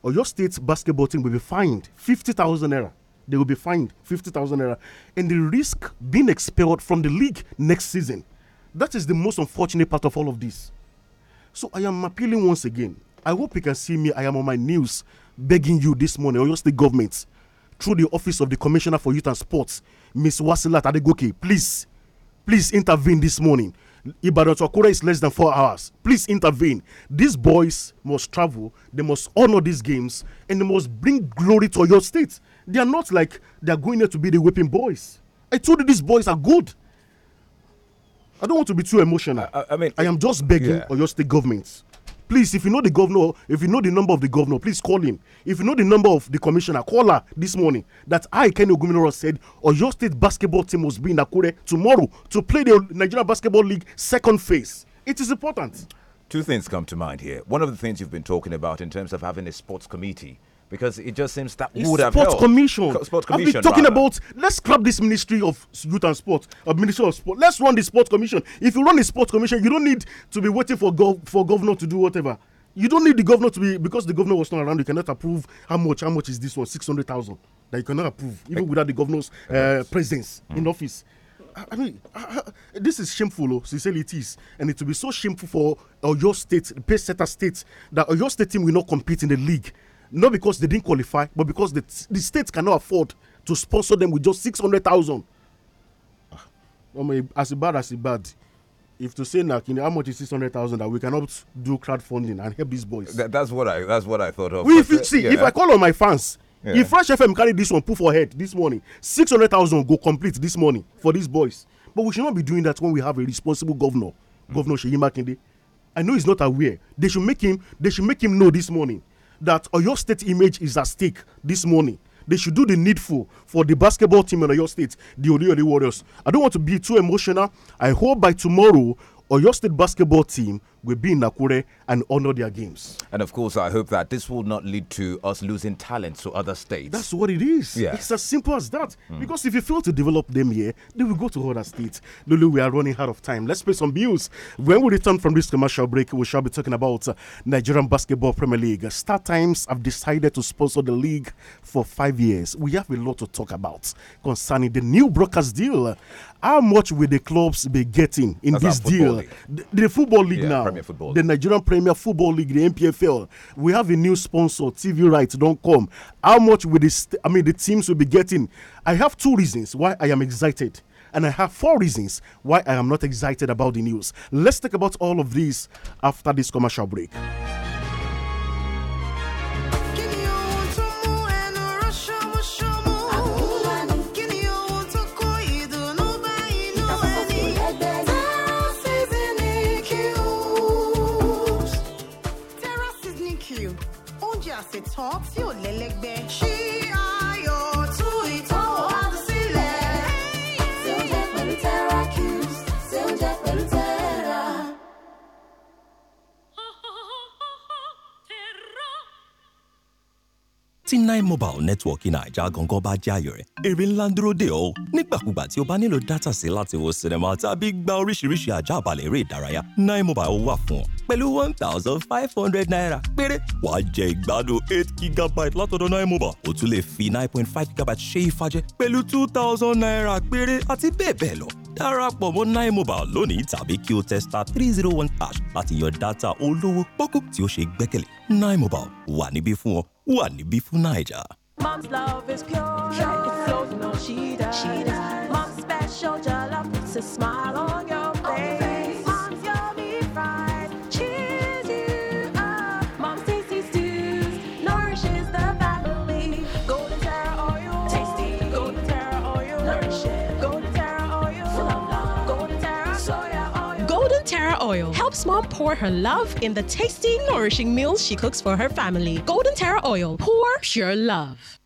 Oyo State basketball team will be fined 50,000 naira. They will be fined 50,000 naira. And they risk being expelled from the league next season. That is the most unfortunate part of all of this. So I am appealing once again. I hope you can see me. I am on my knees begging you this morning, Oyo State government through the office of the Commissioner for Youth and Sports, Ms. Wasila Tadegoke. Please, please intervene this morning. Ibadan to Akure is less than four hours. Please intervene. These boys must travel, they must honor these games, and they must bring glory to your state. They are not like they are going there to be the whipping boys. I told you these boys are good. I don't want to be too emotional. I, I mean, I am just begging yeah. your state governments please if you know the governor if you know the number of the governor please call him if you know the number of the commissioner call her this morning that i kenny ogunmiloro said oyo state basketball team must be in akure tomorrow to play the nigeria basketball league second phase it is important two things come to mind here one of the things you've been talking about in terms of having a sports committee because it just seems that it's would have sports helped. commission. Co sports commission. I've been talking rather. about let's scrap this ministry of youth and sport, a uh, ministry of sport. Let's run the sports commission. If you run the sports commission, you don't need to be waiting for gov for governor to do whatever. You don't need the governor to be because the governor was not around. You cannot approve how much. How much is this one? Six hundred thousand. That you cannot approve even without the governor's uh, presence mm. in hmm. office. I mean, I, I, this is shameful, oh, sincerely it is. And it will be so shameful for uh, your state, the pace setter state, that your state team will not compete in the league not because they didn't qualify, but because the, the state cannot afford to sponsor them with just 600,000. I ah, mean, as bad as it bad, if to say now, how much is 600,000 that we cannot do crowdfunding and help these boys? That, that's what I that's what I thought of. If you, see, yeah. if I call on my fans, yeah. if Fresh FM carry this one, put ahead this morning, 600,000 go complete this morning for these boys. But we should not be doing that when we have a responsible governor, mm -hmm. Governor Sheyi Makinde. I know he's not aware. They should make him. They should make him know this morning that Oyo State image is at stake this morning. They should do the needful for the basketball team in Oyo State, the Oluyole Warriors. I don't want to be too emotional. I hope by tomorrow, Oyo State basketball team will be in Nakure and honor their games. And of course, I hope that this will not lead to us losing talent to other states. That's what it is. Yeah. It's as simple as that. Mm. Because if you fail to develop them here, they will go to other states. Lulu, we are running out of time. Let's pay some bills. When we return from this commercial break, we shall be talking about uh, Nigerian Basketball Premier League. Star Times have decided to sponsor the league for five years. We have a lot to talk about concerning the new broadcast deal. How much will the clubs be getting in That's this deal? The, the, football league yeah, now. Premier Football the Nigerian Premier Football League, the NPFL. We have a new sponsor, TV rights don't come. How much will this? I mean, the teams will be getting. I have two reasons why I am excited and I have four reasons why I am not excited about the news. Let's talk about all of these after this commercial break. láti tán tí ò lẹ́lẹ́gbẹ́. ṣé tí nine mobile network naija gangan bá jẹ́ ayọ̀ rẹ̀ èrè ńlá ń dúró dè ọ́ nígbàkúgbà tí o bá nílò dátà sí láti wo sinimá tàbí gba oríṣiríṣi àjàbalẹ̀ eré ìdárayá nine mobile wà fún ọ pẹ̀lú one thousand five hundred naira péré wàá jẹ ìgbádùn eight gigabyte látọ̀dọ̀ nine mobile o tún lè fi nine point five gigabyte ṣe ìfàjẹ pẹ̀lú two thousand naira péré àti bẹ́ẹ̀ bẹ́ẹ̀ lọ darapọ̀ mọ́ nine mobile lónìí tàbí kí o tẹ star three zero one hash láti yan dátà olówó pọ́kú tí ó ṣe gbẹ́kẹ̀lé nine mobile wà níbí fún ọ wà naija. Mom's love is pure, pure. it's so you know she does. She does. Mom's special jollof puts a smile on your helps mom pour her love in the tasty, nourishing meals she cooks for her family. Golden Terra Oil, pour sure love.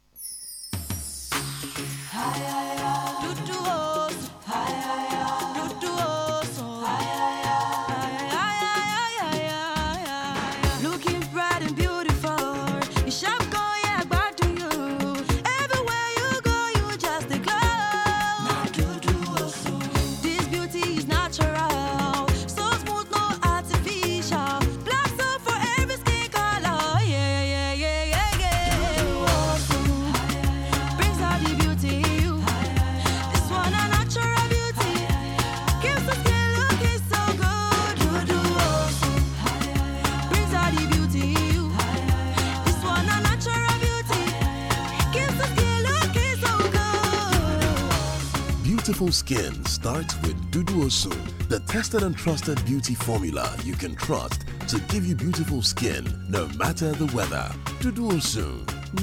Beautiful skin starts with Duduoso, the tested and trusted beauty formula you can trust to give you beautiful skin no matter the weather. Duduoso,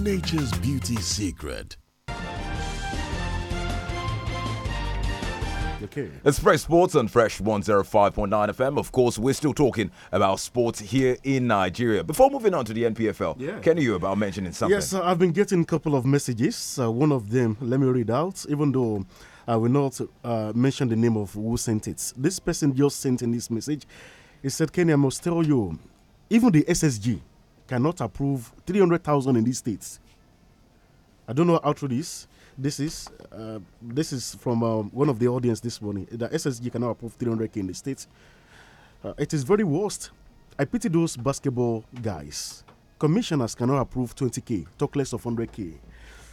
nature's beauty secret. Okay. It's Fresh Sports on Fresh 105.9 FM. Of course, we're still talking about sports here in Nigeria. Before moving on to the NPFL, yeah. you about mentioning something? Yes, I've been getting a couple of messages. Uh, one of them, let me read out, even though I uh, will not uh, mention the name of who sent it. This person just sent in this message. He said, Kenny, I must tell you, even the SSG cannot approve 300,000 in these states. I don't know how true this this is. Uh, this is from um, one of the audience this morning. The SSG cannot approve 300k in the states. Uh, it is very worst. I pity those basketball guys. Commissioners cannot approve 20k. Talk less of 100k.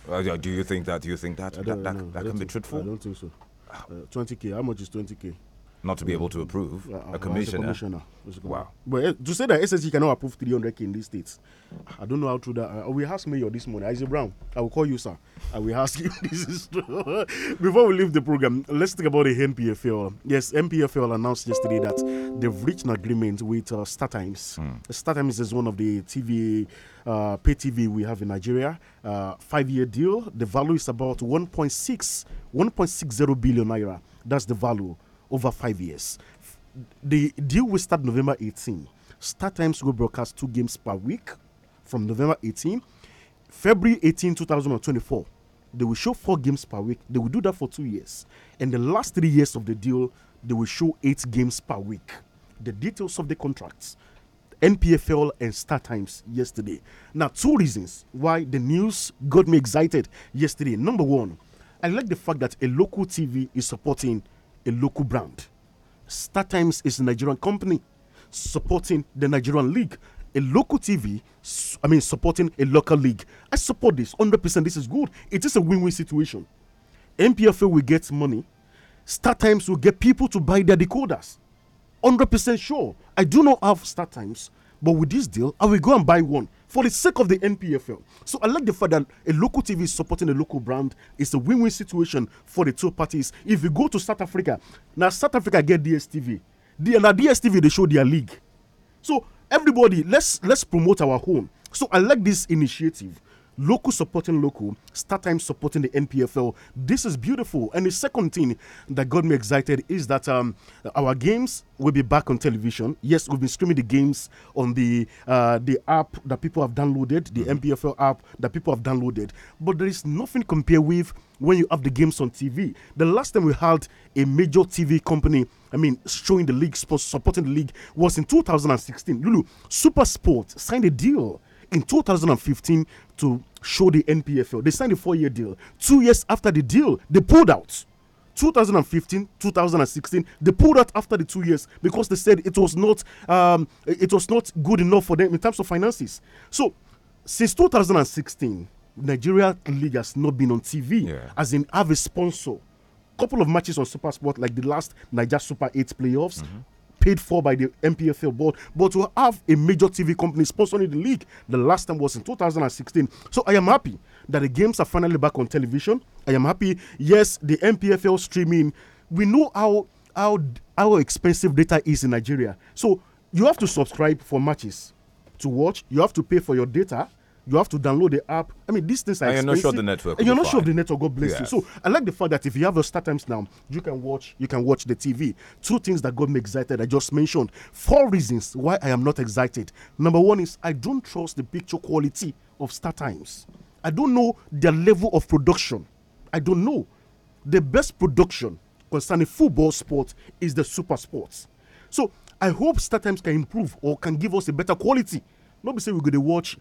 Uh, do you think that? Do you think that that, that, that, can be truthful? I don't think so. Uh, 20k. How much is 20k? not to be able to mm. approve uh, a commissioner. A commissioner. Wow. But eh, to say that SSG cannot approve 300k in these states, I don't know how true that. Uh, uh we ask Mayor this morning, Isaac Brown. I will call you, sir. I will ask [LAUGHS] you this is true. [LAUGHS] Before we leave the program, let's think about the NPFL. Yes, NPFL announced yesterday that they've reached an agreement with uh, StarTimes. Mm. StarTimes is one of the TV, uh, pay TV we have in Nigeria. Uh, Five-year deal. The value is about 1.6, 1.60 billion naira. That's the value over five years. The deal will start November 18. Start times will broadcast two games per week from November 18. February 18, 2024, they will show four games per week. They will do that for two years. And the last three years of the deal, they will show eight games per week. The details of the contracts, NPFL and Star Times yesterday. Now, two reasons why the news got me excited yesterday. Number one, I like the fact that a local TV is supporting a local brand. StarTimes is a Nigerian company supporting the Nigerian league. A local TV, I mean, supporting a local league. I support this 100%. This is good. It is a win win situation. MPFA will get money. StarTimes will get people to buy their decoders. 100% sure. I do not have StarTimes but with this deal, I will go and buy one for the sake of the NPFL. So I like the fact that a local TV is supporting a local brand. It's a win-win situation for the two parties. If you go to South Africa, now South Africa get DSTV. The, now DSTV they show their league. So everybody, let's let's promote our home. So I like this initiative local supporting local, start time supporting the NPFL. This is beautiful. And the second thing that got me excited is that um, our games will be back on television. Yes, we've been streaming the games on the uh, the app that people have downloaded, the mm-hmm. NPFL app that people have downloaded. But there is nothing compared with when you have the games on TV. The last time we had a major TV company, I mean, showing the league, supporting the league, was in 2016. Lulu, Super Sport signed a deal in 2015 to show the NPFL. They signed a four year deal. Two years after the deal, they pulled out. 2015, 2016, they pulled out after the two years because they said it was not um, it was not good enough for them in terms of finances. So since 2016, Nigeria League has not been on TV yeah. as in have a sponsor. Couple of matches on Super Sport, like the last Niger Super 8 playoffs. Mm -hmm paid for by the MPFL board, but to have a major TV company sponsoring the league, the last time was in 2016. So I am happy that the games are finally back on television. I am happy. Yes, the MPFL streaming. We know how how how expensive data is in Nigeria. So you have to subscribe for matches to watch. You have to pay for your data you have to download the app. I mean, these things are and expensive. you're not sure the network. And you're not fine. sure the network. God bless yes. you. So I like the fact that if you have your start times now, you can watch. You can watch the TV. Two things that got me excited. I just mentioned four reasons why I am not excited. Number one is I don't trust the picture quality of start times. I don't know their level of production. I don't know. The best production concerning football sport is the super sports. So I hope StarTimes can improve or can give us a better quality. Not be say we're going to watch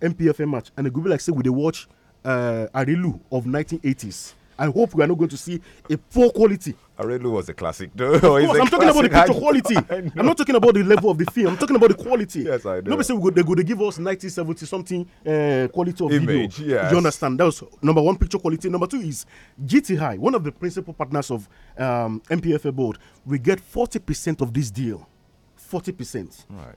MPFM match and it could be like say we they watch uh, Arelu of 1980s. I hope we are not going to see a poor quality. Arelu was a classic. No, [LAUGHS] of course, I'm talking about the picture quality. [LAUGHS] I'm not talking about the level of the film. I'm talking about the quality. Yes, I know. Nobody say we go, they go, they give us 90, 70 something uh, quality of Image, video. Yes. You understand? That was number one picture quality. Number two is GT High, one of the principal partners of um, MPFA board. We get 40% of this deal. 40%. Right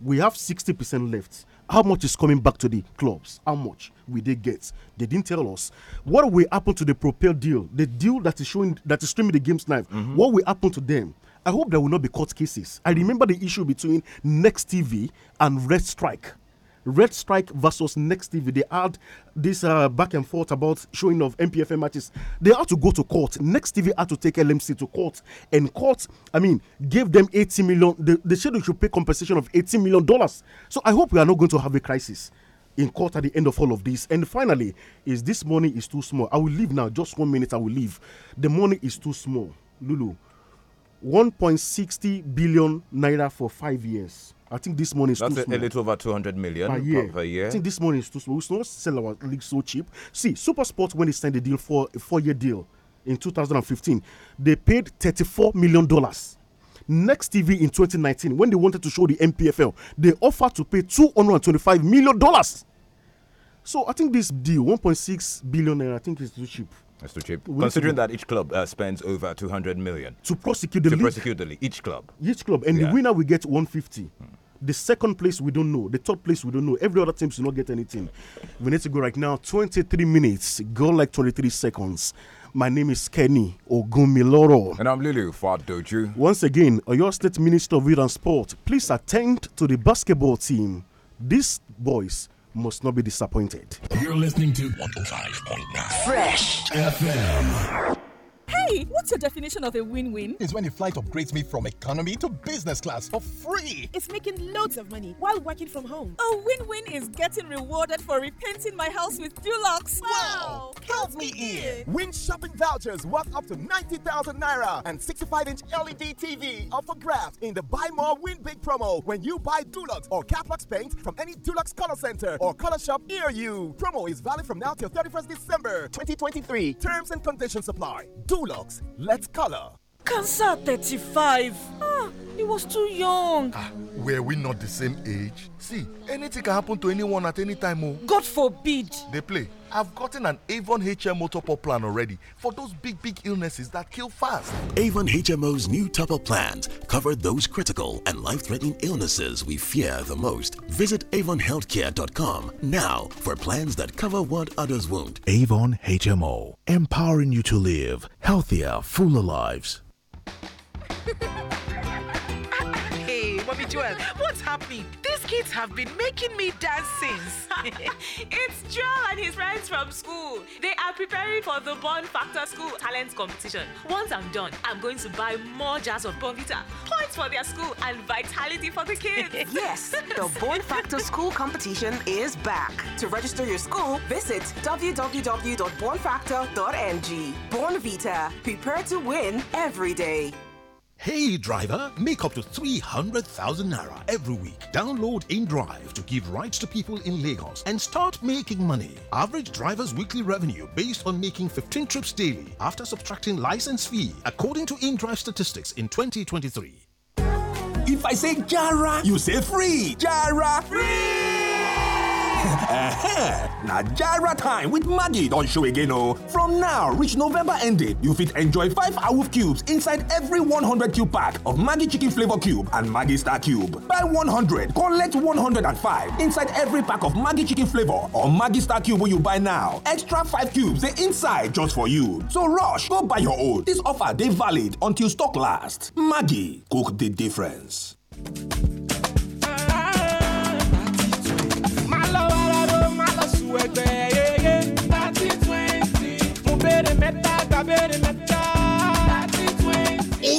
we have 60% left. How much is coming back to the clubs? How much will they get? They didn't tell us. What will happen to the Propel deal? The deal that is showing that is streaming the game's live. Mm -hmm. What will happen to them? I hope there will not be court cases. I remember the issue between Next TV and Red Strike. Red Strike versus Next TV. They had this uh, back and forth about showing of MPFA matches. They had to go to court. Next TV had to take LMC to court, and court, I mean, gave them 80 million. They, they said they should pay compensation of 80 million dollars. So I hope we are not going to have a crisis in court at the end of all of this. And finally, is this money is too small? I will leave now. Just one minute, I will leave. The money is too small, Lulu. 1.60 billion naira for five years. I think this money is That's too a, a little over 200 million per year. per year. I think this money is too small. We should not sell our league so cheap. See, Super Sports, when they signed the deal for a four year deal in 2015, they paid $34 million. Next TV in 2019, when they wanted to show the MPFL, they offered to pay $225 million. So I think this deal, 1.6 billion, I think is too cheap. That's too cheap. We Considering that each club uh, spends over 200 million to prosecute the to league. prosecute the league, each club. Each club, and yeah. the winner will get 150. Hmm. The second place we don't know. The top place we don't know. Every other team should not get anything. We need to go right now. 23 minutes. Go like 23 seconds. My name is Kenny Ogumiloro. And I'm Lulu Fadoju. Once again, your State Minister of Youth and Sport, please attend to the basketball team. These boys must not be disappointed. You're listening to 105.9 Fresh FM. Hey, what's your definition of a win-win? It's when a flight upgrades me from economy to business class for free. It's making loads of money while working from home. A win-win is getting rewarded for repainting my house with Dulux. Wow! wow. Count, me in. in. Win shopping vouchers worth up to 90,000 naira and 65-inch LED TV up for grabs in the Buy More Win Big promo when you buy Dulux or Caplux paint from any Dulux Color Center or Color Shop near you. Promo is valid from now till 31st December 2023. Terms and conditions apply. Dulux Dulux, let's color. Cancer 35. Ah, he was too young. Ah, were we not the same age? See, anything can happen to anyone at any time. Oh. God forbid. They play. I've gotten an Avon HMO top up plan already for those big, big illnesses that kill fast. Avon HMO's new top up plans cover those critical and life threatening illnesses we fear the most. Visit AvonHealthcare.com now for plans that cover what others won't. Avon HMO, empowering you to live healthier, fuller lives. [LAUGHS] hey, Mommy Joel kids have been making me dance since. [LAUGHS] it's John and his friends from school. They are preparing for the Born Factor School Talent Competition. Once I'm done, I'm going to buy more jars of Bonvita, points for their school, and vitality for the kids. [LAUGHS] yes, the Born Factor School Competition is back. To register your school, visit www.bornfactor.ng. Born Vita. Prepare to win every day. Hey Driver, make up to 300,000 naira every week. Download InDrive to give rides to people in Lagos and start making money. Average driver's weekly revenue based on making 15 trips daily after subtracting license fee, according to InDrive statistics in 2023. If I say Jara, you say free. Jara free! [LAUGHS] na Jira time with Maggie don't show again oh! From now reach November ending, you fit enjoy 5 awoof cubes inside every 100 cube pack of Maggie chicken flavour cube and Maggie star cube. Buy 100, collect 105 inside every pack of Maggie chicken flavour or Maggie star cube when you buy now. Extra 5 cubes the inside just for you. So rush go buy your own. This offer they valid until stock last. Maggie cook the difference. ẹgbẹ́ yeye. thirty twenty. mo béèrè mẹ́ta gba béèrè mẹ́ta.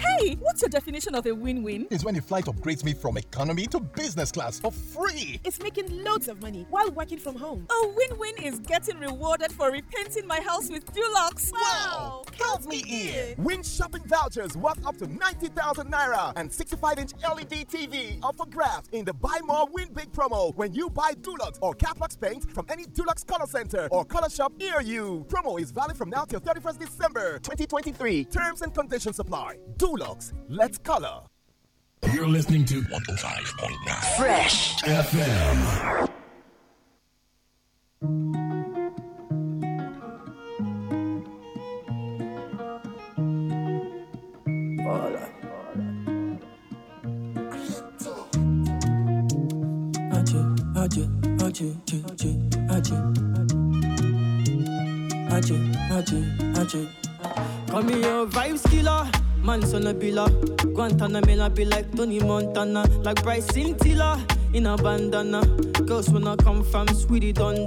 Hey, what's your definition of a win-win? Is when a flight upgrades me from economy to business class for free. It's making loads of money while working from home. A win-win is getting rewarded for repainting my house with Dulux. Wow! wow. Count me in. in. Win shopping vouchers worth up to 90,000 naira and 65-inch LED TV up for grabs in the Buy More Win Big promo when you buy Dulux or Caplux paint from any Dulux color center or color shop near you. Promo is valid from now till 31st December 2023. Terms and conditions apply. Dulux Dulux. Let's color. You're listening to 105.9 Fresh FM. Voilà. Adieu, adieu, adieu, Call me a vibes killer. Manson a billa. Guantanamera be like Tony Montana. Like Bryson Tiller in a bandana. Girls when I come from Sweetie Don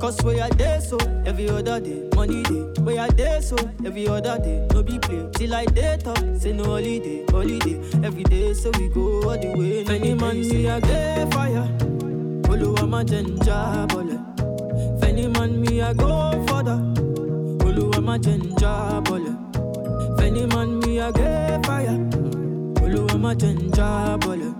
Cause we are there so every other day. Money day. We are there so every other day. No be play. Till I day talk. Say no holiday. Holiday. Every day so we go all the way. Any man me a day fire. follow ma jenja bole. Any man me a go further. follow ma jenja bole. Any man me a get fire. Olu wa ma jenja bole.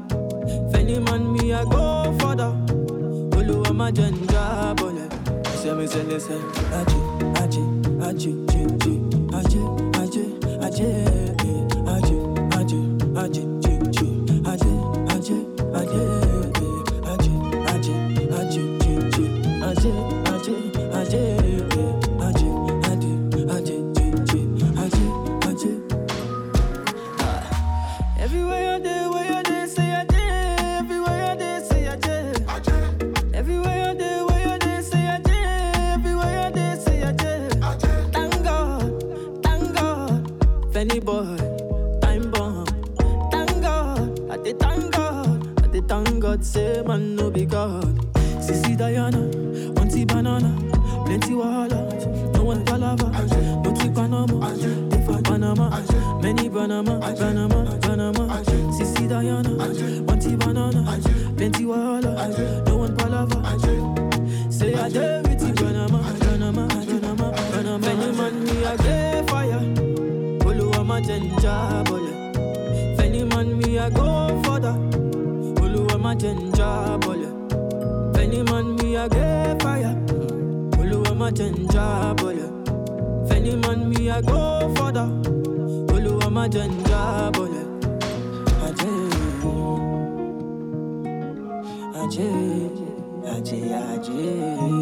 Any man me a go further. Olu wa ma jenja bole. Say me say me say. Aji aji aji aji aji aji aji aji aji aji aji. head say man no be God. Sissy Diana, Auntie Banana, plenty wahala, no one palava, no keep Panama, different Panama, many Panama, Panama. a get fire. Olu ma chenja bole. Fenny man me I go further. Olu ma chenja bole. aje, aje, aje. aje.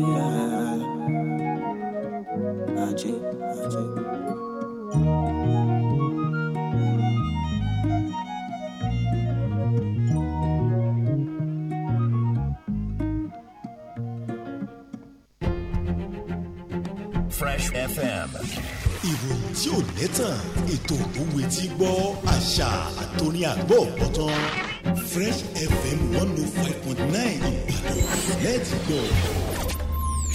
ò lẹ́tàn ètò òwetí gbọ́ àṣà àtòrin àgbọ̀ bọ́tán Fresh FM one oh five point nine Ìbàdàn let's go.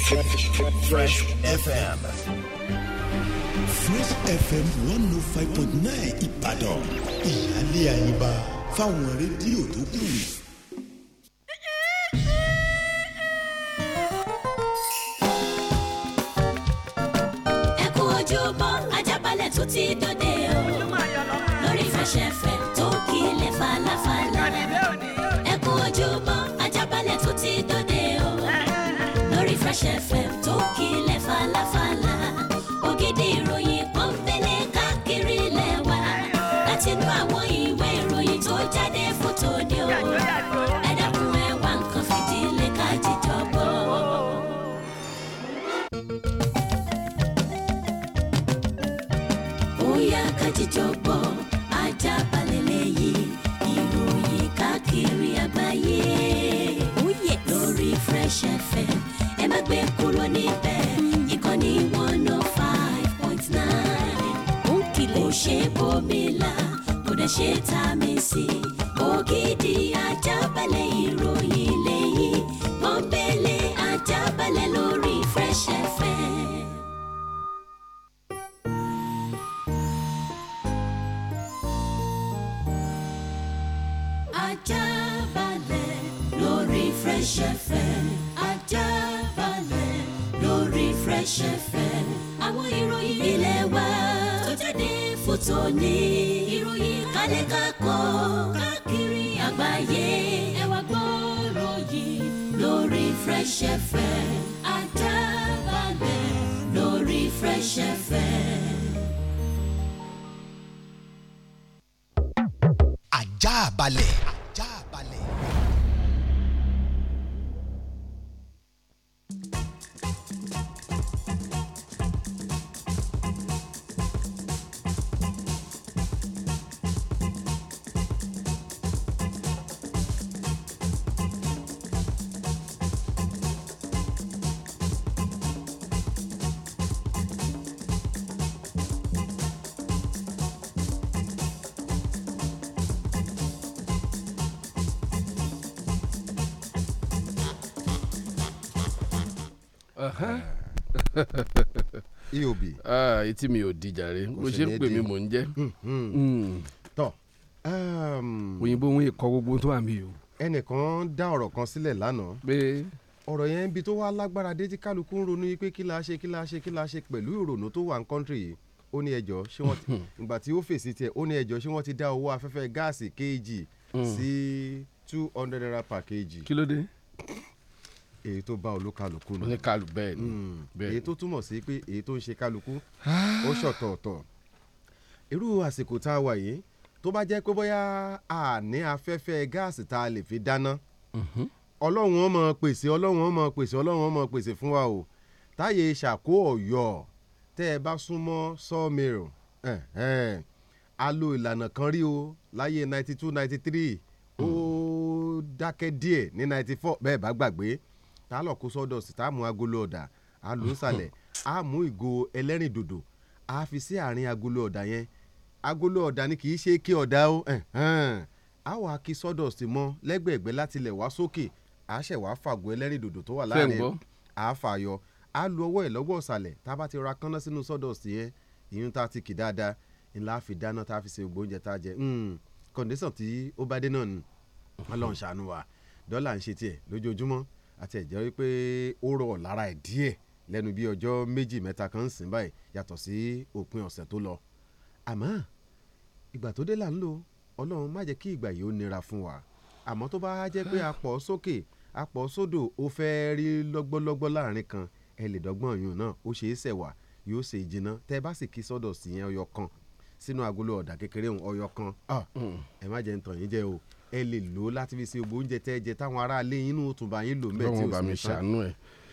Fresh FM Fresh FM one oh five point nine Ìbàdàn ìyáálé àyíbá fáwọn rédíò tó kù. beauty day. fitamin see. Fresh FM Ajaabale lórí Fresh FM. Ajaabale. Ah, etí mi ò di jàre bó ṣe ń pè mí mò ń jẹ. Hmm, hmm. hmm. tọ. Um, òyìnbó ń kọ gbogbo tó wà mí o. ẹnìkan dá ọ̀rọ̀ kan sílẹ̀ lánàá. pé ọ̀rọ̀ yẹn ibi tó wá lágbára dé tí kálukú ń ronú yìí pé kí la ṣe kí la ṣe kí la ṣe pẹ̀lú ìrònú tó wà ní kọ́ńtírì yìí ó ní ẹjọ́ ṣé wọ́n ti ìgbà tí ó fèsì tiẹ̀ ó ní ẹjọ́ ṣé wọ́n ti dá owó afẹ́fẹ́ gáàsì kg sí two hundred naira per kg. kí ló dé èyí tó bá olúkàlùkù nù. oníkàlù bẹ́ẹ̀ ni hmm. bẹ́ẹ̀ ni èyí tó túmọ̀ sí pé èyí tó ń ṣe kálukú ah. ó ṣọ̀tọ̀ọ̀tọ̀ irú àsìkò tá a wà yìí tó bá jẹ́ pé bóyá a ní afẹ́fẹ́ gáàsì tá a lè fi dáná mhm. ọlọ́run ó pèsè ọlọ́run ó pèsè ọlọ́run ó pèsè fún wa o táyé ṣàkó ọ̀yọ́ tẹ́ ẹ bá súnmọ́ sọ́ọ̀mìrì a lo ìlànà kan rí o láyé ninety two ninety three ó hmm. dákẹ́ díẹ̀ ní ninety four bẹ́ẹ̀ bá gbàgbé tá a lọ kó sawdust tá a mú agolo ọ̀dà a lò ó sàlẹ̀ a mú ìgò ẹlẹ́rìn dòdò a fi sí àárín agolo ọ̀dà yẹn agolo ọ̀dà ni kì í ṣe kí ọ̀dà o a wà kí sawdust mọ́ lẹ́gbẹ̀ẹ́gbẹ́ láti lẹ̀ wá sókè a ṣẹ̀ wá fàgò ẹlẹ́rìn dòdò tó wà láàrin a fà yọ a lu ọwọ́ ẹ̀ lọ́wọ́ ọ̀sàlẹ̀ tá a bá ti ra kánná sínú sawdust yẹn ìyún tá a ti kì dáadáa ńlá fi dáná tá a fi ṣe gbogbo oúnjẹ tá a jẹ kọ̀ǹdẹ́sàn hmm, tí ó bá dé náà ni ọlọ́run ṣàánú wa dọ́là ń ṣe tiẹ̀ lójoojúmọ́ àti ẹ̀jẹ̀ wípé ó rọ̀ lára ẹ̀ díẹ̀ lẹ́nu bí ọjọ́ méjì mẹ́ta kan ń sìn báyìí yàtọ̀ sí òpin ọ̀sẹ̀ tó lọ. àmọ́ ìgbà tó dé là ń lò ọlọ́run má jẹ́ kí ìgbà yìí ó nira fún wa àmọ́ tó bá jẹ́ pé apọ̀ sókè apọ̀ sódò ó fẹ́ rí lọ́gbọ́lọ́gbọ́ láàrin kan ẹ lè dọ́gbọ́n yùn náà ó ṣe é sẹ̀wà yóò ṣe ìjìnà tẹ́ bá sì kí sọ́dọ̀ sí yẹn ọyọ kan sínú agolo ọ̀dà kékeré ọyọ kan ah, mm. ẹ má jẹ́ ń tàn yín jẹ́ o ẹ lè lò ó láti fi ṣe gbogbo oúnjẹ tẹ́ ẹ jẹ táwọn aráalé inú òtún bá yín lò mẹ́ẹ̀ tí ò sì ní tán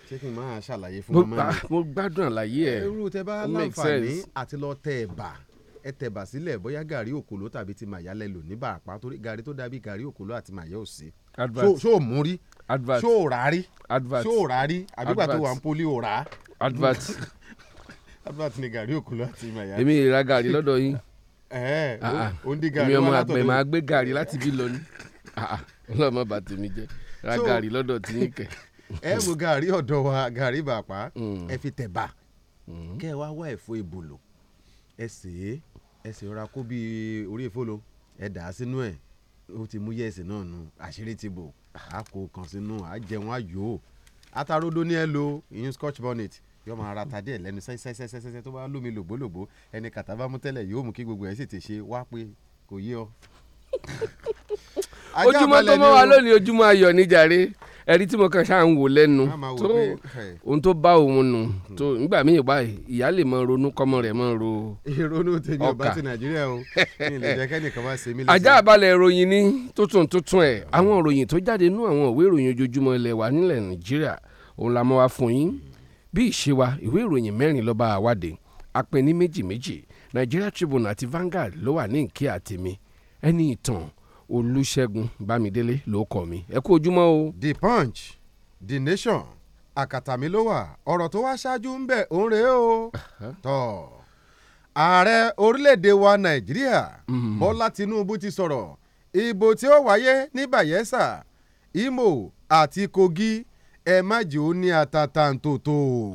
ṣé kí n máa ṣàlàyé fún ọmọ mi. mo gbádùn àlàyé ẹ irú tẹ bá láǹfààní àti lọ tẹ ẹ bà ẹ tẹ bà sílẹ̀ bóyá gàrí òkòló tàbí ti màyà lẹ lò ní bàápàá torí gàrí tó dàbí gàrí òkòló àti màyà ò sí. ṣó o mú rí ṣó o rà rí ṣó o rà rí àbígbà tó wà ń poli ò rà. advert [LAUGHS] advert ni gàrí òkòló àti màyà. èmi ìra gàrí lọ́dọ̀ yín. Ah, ah. mi ọmọ àgbẹ̀ máa gbé gàrí láti bí lọ ní ah, ọlọ́mọ bá tèmi jẹ́ ra gàrí lọ́dọ̀ tí ń kẹ̀. [LAUGHS] ẹ wo gàrí ọ̀dọ̀ wa gàrí bàpá mm. ẹ fi tẹ̀ bá mm. kẹ́ ẹ wá wá ẹ̀fọ́ ìbòlò ẹ sè é ẹ sì rọra kó bí orí ìfọ́lọ́ ẹ dà á sínú ẹ̀ ó ti mú yẹ̀sì náà nu àṣírí ti bò á kó kan sínú á jẹun á yòó atarodo ẹ lo ìyún scotch bonnet yóò máa ra tadé ẹ̀ lẹ́nu sẹ́sẹ́sẹ́sẹ́ tó bá lómi lògbólògbó ẹni kàtà bá mú tẹ́lẹ̀ yóò mú kí gbogbo ẹ̀ sì ti ṣe wá pé kò yé ọ. ojúmọ́ tó mọ́ wa lónìí ojúmọ́ ayọ̀ níjàre ẹ̀rí tí mo kàn ṣáà ń wò lẹ́nu tó ohun tó bá òun nù tó nígbà míì báyìí ìyá lè máa ronú kọ́mọ rẹ̀ máa ro ọkà. ìrònú tèmi ọba ti nàìjíríà o ní ilé jẹ́ bá ṣe mí lẹ́sẹ̀. ajá àbálẹ̀ ìròyìn ní tuntun tuntun ẹ̀ àwọn ìròyìn tó jáde nú àwọn ìwé ìròyìn ojoojúmọ́ ilẹ̀ wa nílẹ̀ nàìjíríà òun la wa fún yín bí ìṣe wa ìwé ìròyìn mẹ́rin ló bá a wáde apẹni méjì méjì Nigeria Tribune àti Vanguard ló wà ní ìkí àtẹ̀mí ẹni ìtàn Olúṣẹ́gun Bámidélé ló kọ mi ẹ kú ojúmọ́ o. The Punch, The Nation àkàtà mi ló wà ọ̀rọ̀ tó wá ṣáájú ń bẹ̀ òun rèé o tọ̀ ààrẹ orílẹ̀-èdè wa Nàìjíríà mhm. Bọ́lá Tinubu ti sọ̀rọ̀ ìbò tí ó wáyé ní Bayelsa Imo àti Kogi ẹ má jẹ́ ó ní atatantoto o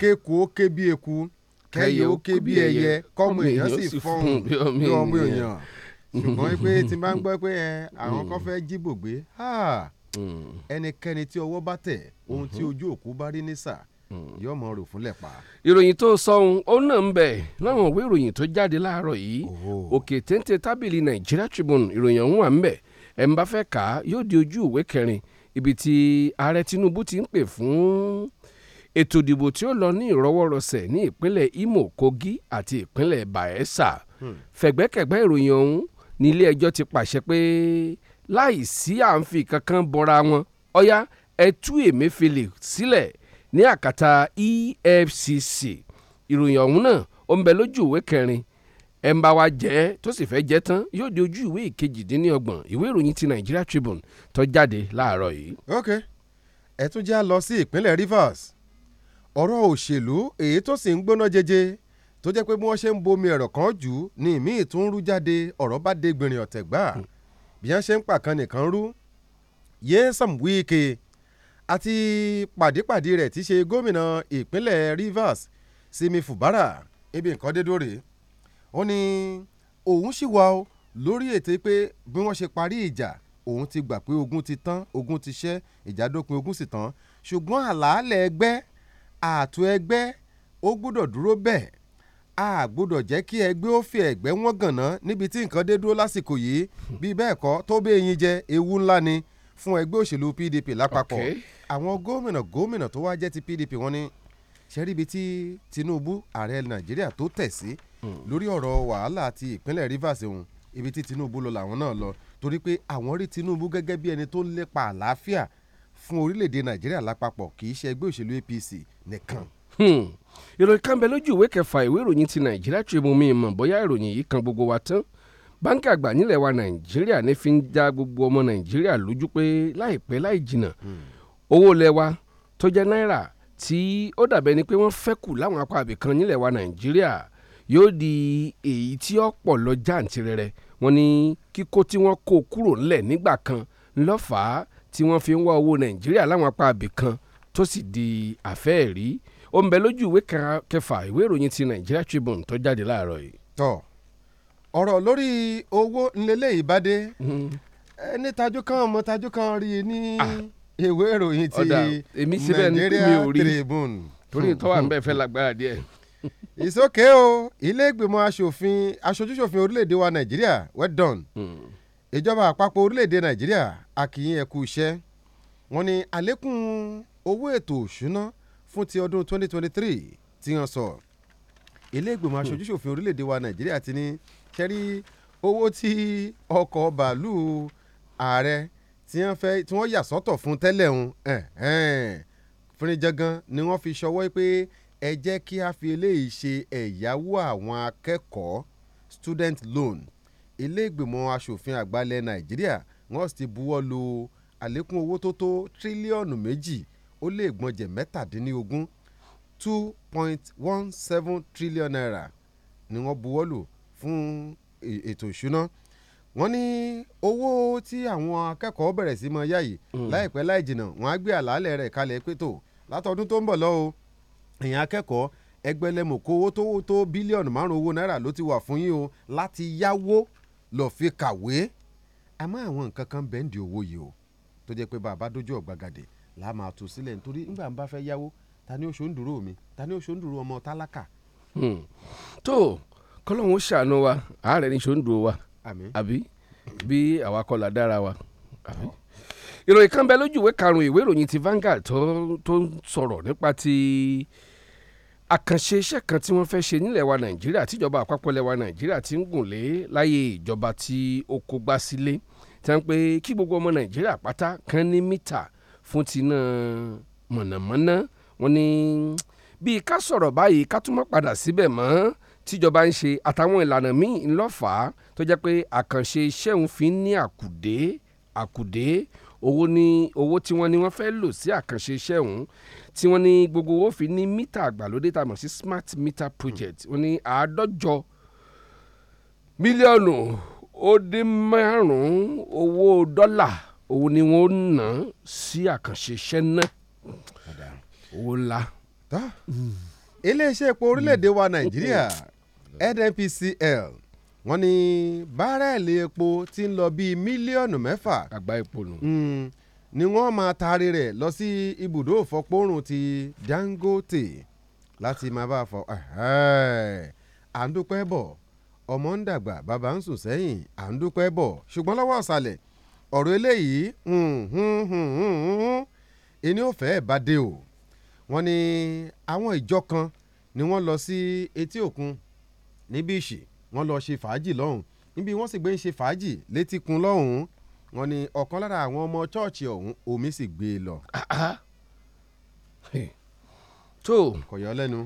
kéku ó ké bí eku kẹyẹ ó ké bí ẹyẹ kọ́mọ èèyàn sì fọ́hùn bí ọmọ èèyàn ṣùgbọ́n pé tí n bá ń gbọ́ pé àwọn kan fẹ́ jí bògbé hmm. ẹnikẹ́ni tí ọwọ́ bá tẹ̀ ohun tí hmm. ojú òkú bá rí nísà hmm. yóò mọ rò fúnlẹ̀ pa. ìròyìn tó sọhun ó náà ń láwọn ìròyìn tó jáde láàárọ̀ yìí òkè téńté tábìlì ibi tí ààrẹ Tinubu ti ń pè fún ètò ìdìbò tí ó lọ ní ìrọwọ́rọsẹ̀ ní ìpínlẹ̀ Imo Kogi àti ìpínlẹ̀ Bayelsa hmm. fẹ̀gbẹ́kẹ̀gbẹ́ ìròyìn ọ̀hún ní ilé ẹjọ́ ti pàṣẹ pé láì sí à ń fi kankan bọra wọn ọ̀yá ẹ tú Emefiele sílẹ̀ ní àkàtà EFCC ìròyìn ọ̀hún náà ó ń bẹ lójú ìwé kẹrin ẹ̀ ń bá wa jẹ́ tó sì fẹ́ jẹ́ tán yóò di ojú ìwé ìkejìdínlọ́gbọ̀n ìwé ìròyìn ti Nigeria Tribune tó jáde láàárọ̀ yìí. ok ẹ tún já lọ sí ìpínlẹ̀ Rivers ọ̀rọ̀ òṣèlú èyí tó sì ń gbóná jẹjẹ tó jẹ́ pé bí wọ́n ṣe ń bomi ẹ̀rọ kan jù ní ìmíì tó ń rú jáde ọ̀rọ̀ bá dé gbìnrín ọ̀tẹ̀ gbà bí wọ́n ṣe ń pàkan nìkan rú Nyesom Wike àti pàdípàdí rẹ̀ ti ṣe gómìnà ìpínlẹ̀ Rivers Simi Fubara ebi nǹkan dé dóòrè ó ní òun sì wà ó lórí ètò pé bí wọ́n ṣe parí ìjà òun ti gbà pé ogun ti tán ogun ti ṣẹ́ ìjà dópin ogun sì tán ṣùgbọ́n àlàálẹ̀ ẹgbẹ́ ààtò ẹgbẹ́ ó gbọ́dọ̀ dúró bẹ́ẹ̀ a gbọ́dọ̀ jẹ́ kí ẹgbẹ́ ó fi ẹ̀gbẹ́ wọn gànná níbi tí nǹkan dé dúró lásìkò yìí bí bẹ́ẹ̀ kọ́ tó bẹ́ẹ̀ yín jẹ ewu ńlá ni fún ẹgbẹ́ òṣèlú PDP lápapọ̀ àwọn gómìnà gómìnà tó wá jẹ́ ti PDP wọ́n ní ṣẹ́ríbi tí Tinubu ààrẹ Nàìjíríà tó tẹ̀ sí lórí ọ̀rọ̀ wàhálà àti ìpínlẹ̀ Rivers òun ibi tí Tinubu lọ làwọn náà lọ torí pé àwọn rí Tinubu gẹ́gẹ́ bí ẹni tó ń lépa àlàáfíà fún orílẹ̀-èdè Nàìjíríà lápapọ̀ kì í ṣe ẹgbẹ́ òṣèlú APC nìkan hmm. ìròyìn kan bẹ lójú ìwé kẹfà ìwé ìròyìn ti nàìjíríà Tribune mi mọ̀ bóyá ìròyìn yìí kan gbogbo wa tán báńkì àgbà nílẹ̀ wa nàìjíríà ní fi ń já gbogbo ọmọ nàìjíríà lójú pé láìpẹ́ láì jìnà hmm. owó ilẹ̀ wa tó jẹ́ náírà tí ó dàbẹ́ ni pé wọ́n fẹ́ kù láwọn apá àbìkan nílẹ̀ wa nàìjíríà yóò di èyí tí ọ̀pọ̀ lọ jàǹtìrẹrẹ wọ́n ní kíkó tí wọ́n kó kúrò ńlẹ̀ nígbà kan ńlọ́fàá tí wọ́n fi ń wá owó nàìjíríà láwọn apá abì kan tó sì di àfẹ́ẹ̀rí ó ń bẹ lójú ìwé kẹfà ìwé ìròyìn ti Nigeria Tribune tó jáde láàárọ̀ yìí. tọ ọ̀rọ̀ lórí owó nílé ìbádé hmm. ẹni tajú kan ọmọ tajú kan rí i ní ah. ìwé ìròyìn ti Nigeria Tribune. torí ìtọ́wà ń bẹ̀ fẹ́ lágbára díẹ̀ ìsókè o ilé ìgbìmọ̀ asòfin aṣojúṣòfin orílẹ̀-èdè wa nàìjíríà well done hmm. ìjọba àpapọ̀ orílẹ̀-èdè nàìjíríà a kí yín ẹ kú iṣẹ́ wọ́n ní àlékún owó ètò òṣùná fún ti ọdún 2023 tí wọ́n sọ ilé ìgbìmọ̀ hmm. aṣojúṣòfin orílẹ̀-èdè wa nàìjíríà ti ní sẹ́rí owó tí ọkọ̀ bàálù ààrẹ tí wọ́n fẹ́ tí wọ́n yà sọ́tọ̀ fún tẹ́lẹ̀ ń fúnni jangan ni wọ́n fi ṣọwọ́ pé ẹ jẹ́ kí a fi eléyìí ṣe ẹ̀yáwó àwọn akẹ́kọ̀ọ́ student loan ìlẹ́gbẹ̀mọ́ asòfin àgbà ilẹ̀ nàìjíríà wọ́n sì ti buwọ́ lu àlékún owó tó tó tírílíọ̀nù méjì ó lé ìgbọ̀njẹ̀ mẹ́tàdínlógún two point one seven trillion naira ni wọ́n buwọ́ lù fún e, ètò ìṣúná wọ́n ní owó tí àwọn akẹ́kọ̀ọ́ bẹ̀rẹ̀ sí máa yá yìí hmm. láìpẹ́ láì jìnnà wọ́n á gbé àlàálẹ̀ rẹ̀ kalẹ̀ pé tó látọdún tó ń bọ̀ lọ́wọ́ ẹ̀yin akẹ́kọ̀ọ́ ẹgbẹ̀lẹ́mùkó owó tó tó bílíọ̀nù márùn-ún owó náírà ló ti wà fún yín o láti yáwó lọ́ọ́ fi kàwé àmọ́ àwọn nǹkan kan bẹ́ẹ̀ ń di owó yìí o tó jẹ́ pé bàbá dójú ọ̀gbagadè là máa tú sílẹ̀ nítorí nígbà bá fẹ́ yáwó ta ni oṣù ń dúró mi ta ni oṣù ń dúró ọmọ tálákà. Hmm. tó kọ́lọ́hún ṣàánú wa àárẹ̀ ni oṣù ń dúró wa àbí bí àwa kọ́ la dára wa àbí ìròyìn kan bẹ lójú ìwé karùn ìwé ìròyìn ti Vanguard tó tó ń sọ̀rọ̀ nípa ti àkànṣe iṣẹ́ kan tí wọ́n fẹ́ ṣe nílẹ̀ wa Nàìjíríà tíjọba àpapọ̀ ilẹ̀ wa Nàìjíríà ti ń gùn lé láyé ìjọba tí ó kó gbá sílé tí wọ́n pe kí gbogbo ọmọ Nàìjíríà pátá kan ní mítà fún ti iná mọ̀nàmọ́ná wọ́n ní bíi ká sọ̀rọ̀ báyìí ká tún mọ́ padà síbẹ̀ mọ́ tíjọba ń ṣe àtàwọn ìlànà míì ńlọ́fà tó jẹ́ pé àkànṣe iṣẹ́ òun fi ń ní àkùdé àkùdé owó ní owó tí wọ́n ní wọ́n fẹ́ lò sí àkànṣe iṣẹ́ ọ̀hún tí wọ́n ní gbogbo owó fi ní mítà àgbàlódé tá a mọ̀ sí smart meter project ó ní àádọ́jọ mílíọ̀nù ó dín márùn-ún owó dọ́là òun ni wọ́n ná sí àkànṣe iṣẹ́ náà owó ńlá. iléeṣẹ́ epo orílẹ̀-èdè wa nàìjíríà mm-hmm. nnpcl wọ́n ní bárẹ́ẹ̀lì epo ti ń lọ bíi mílíọ̀nù mẹ́fà àgbá epo nù hmm, ni wọ́n máa taari rẹ̀ lọ sí ibùdó ìfọpọ́rùn ti Dangote láti máa bá a fọ à ń dúpẹ́ bọ̀ ọmọ ń dàgbà bàbá ń sùn sẹ́yìn à ń dúpẹ́ bọ̀ ṣùgbọ́n lọ́wọ́ ọ̀sàlẹ̀ ọ̀rọ̀ eléyìí ẹni ò fẹ́ bá dé o wọ́n ní àwọn ìjọ kan ni wọ́n lọ sí etí òkun ní bíìṣì wọ́n lọ ṣe fàájì lọ́hùn níbi wọ́n sì gbé ń ṣe fàájì létíkun lọ́hùn wọ́n ní ọ̀kan lára àwọn ọmọ chọ́ọ̀chì ọ̀hún omi sì gbé e lọ. tó kò yọ lẹ́nu.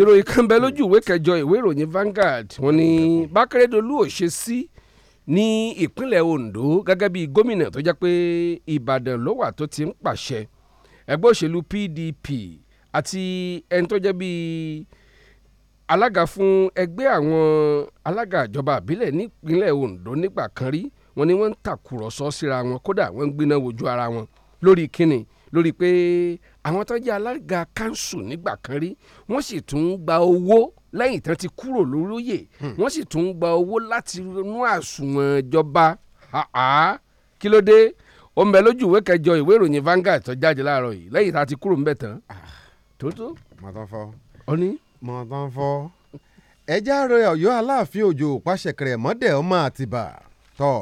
ìròyìn kan bẹ lójú ìwé kẹjọ ìwé ìròyìn Vanguard wọ́n ní bákérédolú ò ṣe sí ní ìpínlẹ̀ Ondo gẹ́gẹ́ bí gómìnà tó jẹ́ pé Ìbàdàn ló wà tó ti ń pàṣẹ ẹgbẹ́ òṣèlú PDP àti ẹni tó jẹ́ bíi alága fún ẹgbẹ́ àwọn alága ìjọba àbílẹ̀ nípínlẹ̀ Ondo nígbà kan rí wọ́n ní wọ́n ń tàkùrọ̀sọ síra wọn kódà wọ́n ń gbiná wojú ara wọn lórí kíni lórí pé àwọn tó jẹ́ alága kanṣu nígbà kan rí wọ́n sì tún ń gba owó lẹ́yìn tán ti kúrò lóróyè hmm. wọ́n sì tún ń gba owó láti inú àsùnwọ̀n ìjọba kí ló dé ó ń bẹ lójú ìwé kẹjọ ìwé ìròyìn Vanguard tó jáde láàárọ̀ yìí lẹ́yìn tá a ti kúrò ń bẹ̀ tán ah. tó tó. màtọ́ fọ́. ní mọ̀tàn fọ́ ẹjẹ́ àrò ọ̀yọ́ aláàfin òjò pàṣẹkẹrẹ mọ́dẹ̀ ọmọ àtìbà tọ̀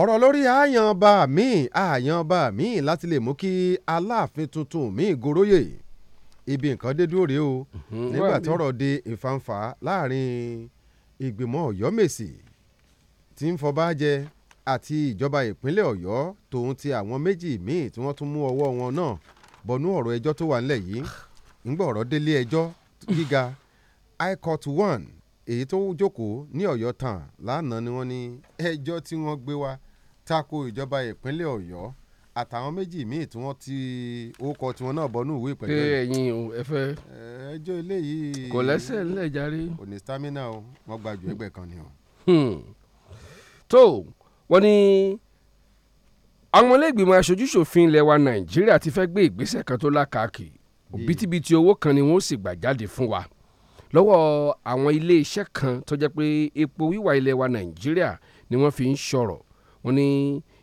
ọ̀rọ̀ lórí àyànba míì àyànba míì láti lè mú kí aláàfin tuntun míì goróyè ibi nǹkan dé dúró rèé o mhm. nígbà tọ́rọ̀ de ìfàǹfà láàrin ìgbìmọ̀ ọ̀yọ́mèsì tí ń fọba jẹ àti ìjọba ìpínlẹ̀ ọ̀yọ́ tòun ti àwọn méjì míì tí wọ́n tún mú ọwọ́ wọn náà bọnú ọ̀rọ̀ ẹjọ́ tó wà nílẹ̀ yìí ńgbọ́ ọ̀rọ̀ délé ẹjọ́ gíga high one èyí tó jókòó ní ọ̀yọ́ tán lánàá ni wọ́n ní ẹjọ́ tí wọ́n gbé wá tako ìjọba ìpínlẹ̀ ọ̀yọ́ àtàwọn méjì míì tí wọ́n ti orúkọ tiwọn náà bọ́ ní ìwé ìpẹ́jọ́ yìí. pé ẹ̀yin o ẹ fẹ́. ẹjọ́ eléyìí. kò lẹ́sẹ̀ ńlẹ̀ járe. kò ní stamina o wọ́n gba ju ẹgbẹ́ kan ni o. Hmm. tó wọ́n ní àwọn ilé ìgbìmọ̀ aṣojú ilẹ̀ wa nàìjíríà ti fẹ́ gbé ìgbésẹ̀ kan tó lákàkì òbítíbitì owó kan ni wọ́n sì gbà jáde fún wa lọ́wọ́ àwọn iléeṣẹ́ kan tó jẹ́ pé epo wíwà ilẹ̀ wa nàìjíríà ni wọ́n fi ń ṣọ̀rọ̀ wọ́n ní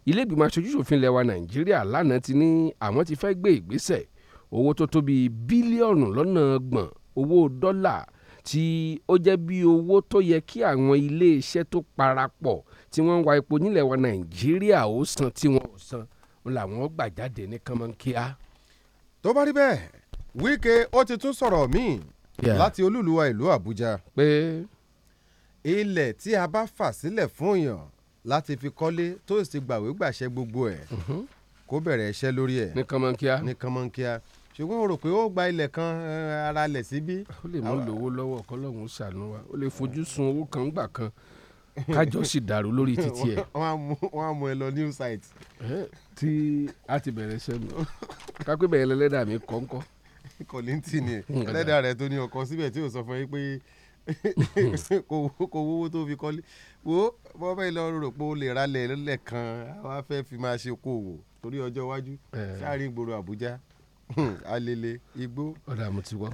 ilé ìgbìmọ̀ aṣojúṣòfin ilẹ̀ wa nàìjíríà lánàá ti ní àwọn ti fẹ́ gbé ìgbésẹ̀ owó tó tó bíi bílíọ̀nù lọ́nà ọgbọ̀n owó dọ́là tí ó jẹ́ bí owó tó yẹ kí àwọn iléeṣẹ́ tó parapọ̀ tí wọ́n ń wa epo nílẹ̀ wa nàìjíríà ó san tí wọ́n ò san làwọn gbà jáde ní kánmọ́nkíá. tó bá rí bẹ́ẹ̀ Wike ó ti tún sọ̀rọ̀ míì láti olúluwa ìlú Àbújá pé ilẹ̀ tí a bá fà sílẹ̀ fún yàn láti fi kọ́lé tó sì gbàwé gbàṣẹ gbogbo ẹ̀ mhm. kó bẹ̀rẹ̀ iṣẹ́ lórí ẹ̀ ní kànmọ́nkíá ní kànmọ́nkíá ṣùgbọ́n o rò pé ó gba ilẹ̀ kan eh, ara lẹ̀ síbí. ó lè mú lówó lọ́wọ́ kọ́lọ́hún ṣàánú wa ó lè fojú sun owó kan gbà kan kájọ sì dàrú lórí títí ẹ. [LAUGHS] wọ́n á mú ẹ lọ new site. Eh, tí a ti bẹ̀rẹ̀ sẹ́nu kápẹ́ bẹ̀rẹ̀ lẹ́dà mi kọ́ńkọ́. [LAUGHS] kọ̀lìntì ni [LAUGHS] ẹlẹ́dàá rẹ̀ tó ní ọkọ síbẹ̀ tí ò sọ fún yín pé [LAUGHS] kò wówó tó fi kọ́lé wo bọ́ bẹ́ẹ̀ lọ rò pé o lè ralẹ̀ lẹ́ẹ̀kan wàá fẹ́ fi máa ṣe kó wò torí ọjọ́ iwájú sáàrin ìgboro Àbújá alele igbó. ọ̀dà mo ti wọ́.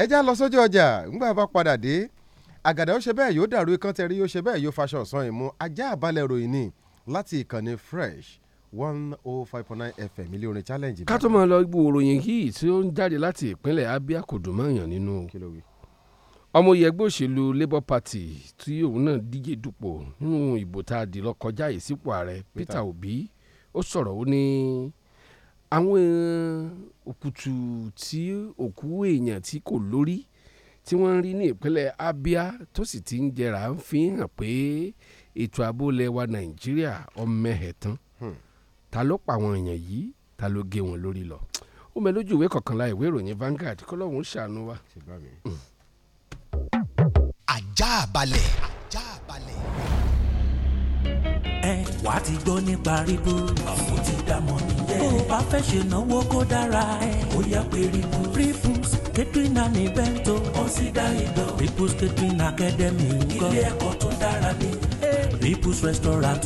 ẹ já lọ sójú ọjà ńgbà bá padà dé àgàdà ó ṣe bẹ́ẹ̀ yóò dàrú ikán tẹ̀rí ó ṣe bẹ́ẹ̀ yóò faṣọ ọ̀sán ìmú ajá àbálẹ̀ ròyìn ni láti ìkànnì fresh one oh five point nine fm ilé orin challenge. ká tó máa lọ gbọ́ òròyìn yìí tí ó ń jáde láti ìpínlẹ̀ abia kò dùn mọ́yàn nínú ọmọ yẹgbẹ́ òṣèlú labour party tí òun náà díje dupò nínú ìbò tá a dì lọ kọjá yìí sípò ààrẹ peter obi ó sọ̀rọ̀ ó ní àwọn òkùtù tí òkú èèyàn tí kò lórí tí wọ́n ń rí ní ìpínlẹ̀ abia tó sì ti ń jẹrà ń fi hàn pé ètò ààbò lẹ̀ nàìjíríà ọmọ ẹ̀hẹ̀ tán. Hmm ta ló pa àwọn èèyàn yìí ta ló gé wọn lórí lọ ó mẹ lójú ìwé kọkànlá ìwé ìròyìn Vanguard kọlọ́hún ṣàánú wa. Hmm. ajá balẹ̀. ajá balẹ̀. ẹ wàá ti gbọ́ nípa rìbú àwọn ti dá mọ́ nìyẹn. bó o bá fẹ́ ṣe náwó kó dára ẹ ó yẹ pé rìbú. rìbú Katrina ní bẹ́ńtò. consider it done. rìbú Katrina Academy ń kọ́. ilé ẹ̀kọ́ tó dára ni People's Restaurant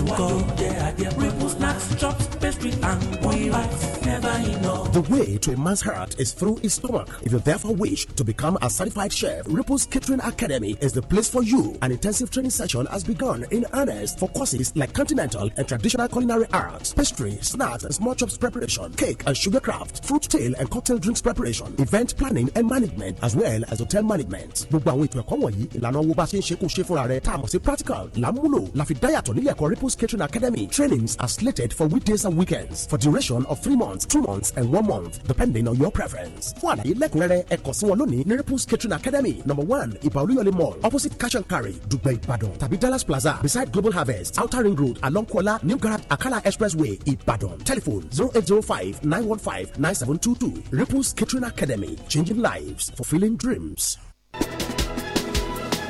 Ripple snacks, chops, pastry, and we Never enough. The way to a man's heart is through his stomach. If you therefore wish to become a certified chef, Ripple's Catering Academy is the place for you. An intensive training session has begun in earnest for courses like continental and traditional culinary arts, pastry, snacks and small chops preparation, cake and sugar craft, fruit tail and cocktail drinks preparation, event planning and management, as well as hotel management. gbogbo àwọn ètò ẹ̀kọ́ wọ̀nyí ìlànà owó bá ṣe ń ṣe kó ṣe fúnra rẹ̀ tá a mọ̀ sí practical làmúlò la fi dáyàtọ̀ nílé ẹ̀kọ́ Ripples Catering Academy trainings are slated for weekdays and weekends for duration of three months two months and one month depending on your preference. fún àlàyé lẹ́kùnrẹ́rẹ́ ẹ kàn sí wọn lónìí ní Ripples Catering Academy number one ìbà olúyọ̀lé mall opposite cash and carry dùgbẹ̀ ìbàdàn tàbí Dallas Plaza beside Global Harvest outer ring road along Kuala new garage Akala expressway ìbàdàn telephone zero eight zero five nine one five nine seven two two Ripples Catering Academy changing lives fulfilling dreams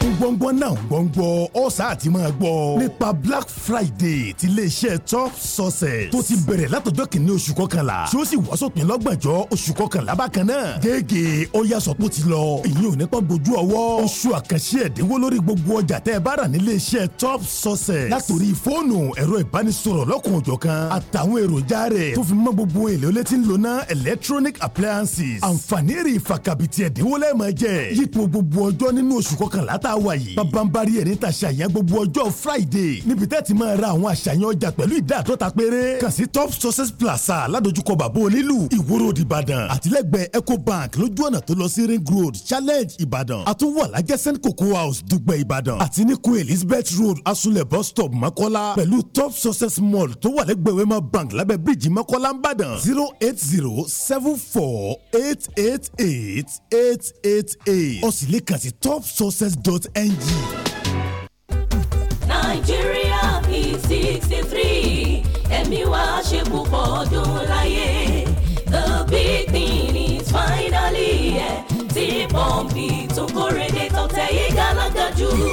ń náà ń ọ̀sà àti máa gbọ́ nípa black friday ti iléeṣẹ́ top success tó ti bẹ̀rẹ̀ látọjọ́ kìíní oṣù kọkànlá tí ó sì wá sópin lọ́gbọ̀njọ́ oṣù kọkànlá bákan náà gẹ́gẹ́ ó yà sọ́pọ̀ ti lọ èyí ò ní tán dojú ọwọ́ oṣù àkànṣe ẹ̀dínwó lórí gbogbo ọjà tẹ́ ẹ bá rà nílé iṣẹ́ top success látòrí fóònù ẹ̀rọ ìbánisọ̀rọ̀ lọ́kùn òjọ̀kan àtàwọn èròjà wà yìí bàbáńbárí ẹ̀ níta ṣàyàn gbogbo ọjọ́ friday níbi tẹ́tí máa ra àwọn àṣàyàn ọjà pẹ̀lú ìdá àtọ́ta péré kàn sí top success plaza ládojúkọ bàbá onílù ìwòrò ìbàdàn àtìlẹ́gbẹ̀ẹ́ ecobank lójú ọ̀nà tó lọ sí ring road challenge ìbàdàn àtúwọ̀ alájẹsẹ́ni cocoa house dùgbẹ̀ ìbàdàn àti ní queen elizabeth road asunlẹ̀ bus stop makola. pẹ̀lú top success mall tó wà lẹ́gbẹ̀ẹ́ wema bank lábẹ́ bíríìjì makola ń bàdàn zero eight zero seven four eight eight eight eight eight eight ó sì lè kàn dot ng. nàìjíríà p sixty three ẹ̀mí wa ṣe púpọ̀ ọdún láyé the big thing is finally ẹ̀ tí pọ́ǹpì tó kórè dé tọ́tẹ̀ tọ́jú. [LAUGHS]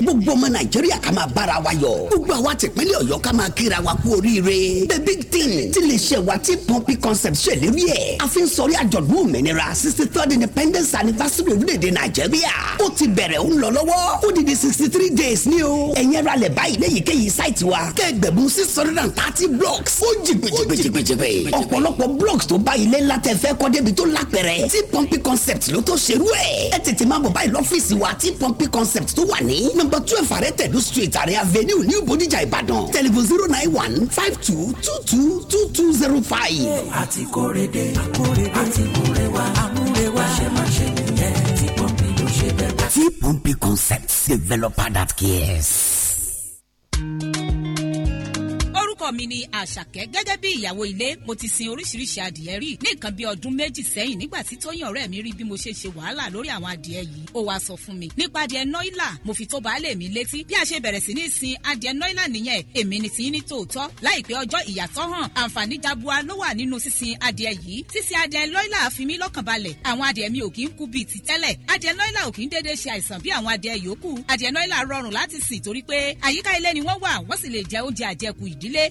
gbogbo ọmọ nàìjíríà ká máa bára wa yọ gbogbo àwa tìpínlẹ̀ ọ̀yọ́ ká máa kíra wa kú oríire the big thing ti lè ṣe wa tí pọ́ńpì concept ṣèlérí ẹ̀ a fi ń sọrí àjọ̀dún òmìnira sixty third independence anniversary orílẹ̀-èdè nàìjíríà ó ti bẹ̀rẹ̀ ó ń lọ lọ́wọ́ ó di di sixty three days ní o ẹ̀yẹ́ ra lẹ̀ báyìí léyìíkéyìí sáìtì wa kẹ́gbẹ̀bùn six hundred and thirty blocks ó jì gbèjìgbèjìgbèjìgbè ọ̀pọ̀lọpọ̀ blocks tó bá ilé ńlá tẹ fẹ́ kọ́ débi tó lápẹ̀rẹ̀ tí pọ́ńpì concept ló tó ṣerú ẹ̀ ẹ̀ tètè má bọ̀ báyìí lọ́fíìsì wa tí pọ́ńpì concept concept tó wà ní nọ́mbà twelve àrẹ́tẹ̀dú street àrẹ avenue new Bodija Ìbàdàn tẹlifon zero nine one five two two two two two zero five. àti kórede àkórede àti múrẹwà àmúrẹwà ṣe máa ṣe nìyẹn tí pọ́ǹpì ló ṣe bẹ́ẹ̀. tí pọ́ǹpì concept developer that cares orúkọ mi ni àṣàkẹ́ gẹ́gẹ́ bí ìyàwó ilé mo ti sin oríṣiríṣi adìẹ rí ní nǹkan bí ọdún méjì sẹ́yìn nígbà tí tóyìn ọ̀rẹ́ mi rí bí mo ṣe ṣe wàhálà lórí àwọn adìẹ yìí ó wàá sọ fún mi nípa adìẹ nọ́ìlà mo fi tó baálé mi létí bí a ṣe bẹ̀rẹ̀ sí ní sin adìẹ nọ́ìlà nìyẹn èmi ni ti ní tòótọ́ láìpẹ́ ọjọ́ ìyàtọ̀ hàn àǹfààní jabua ló wà nínú sísin adìẹ yìí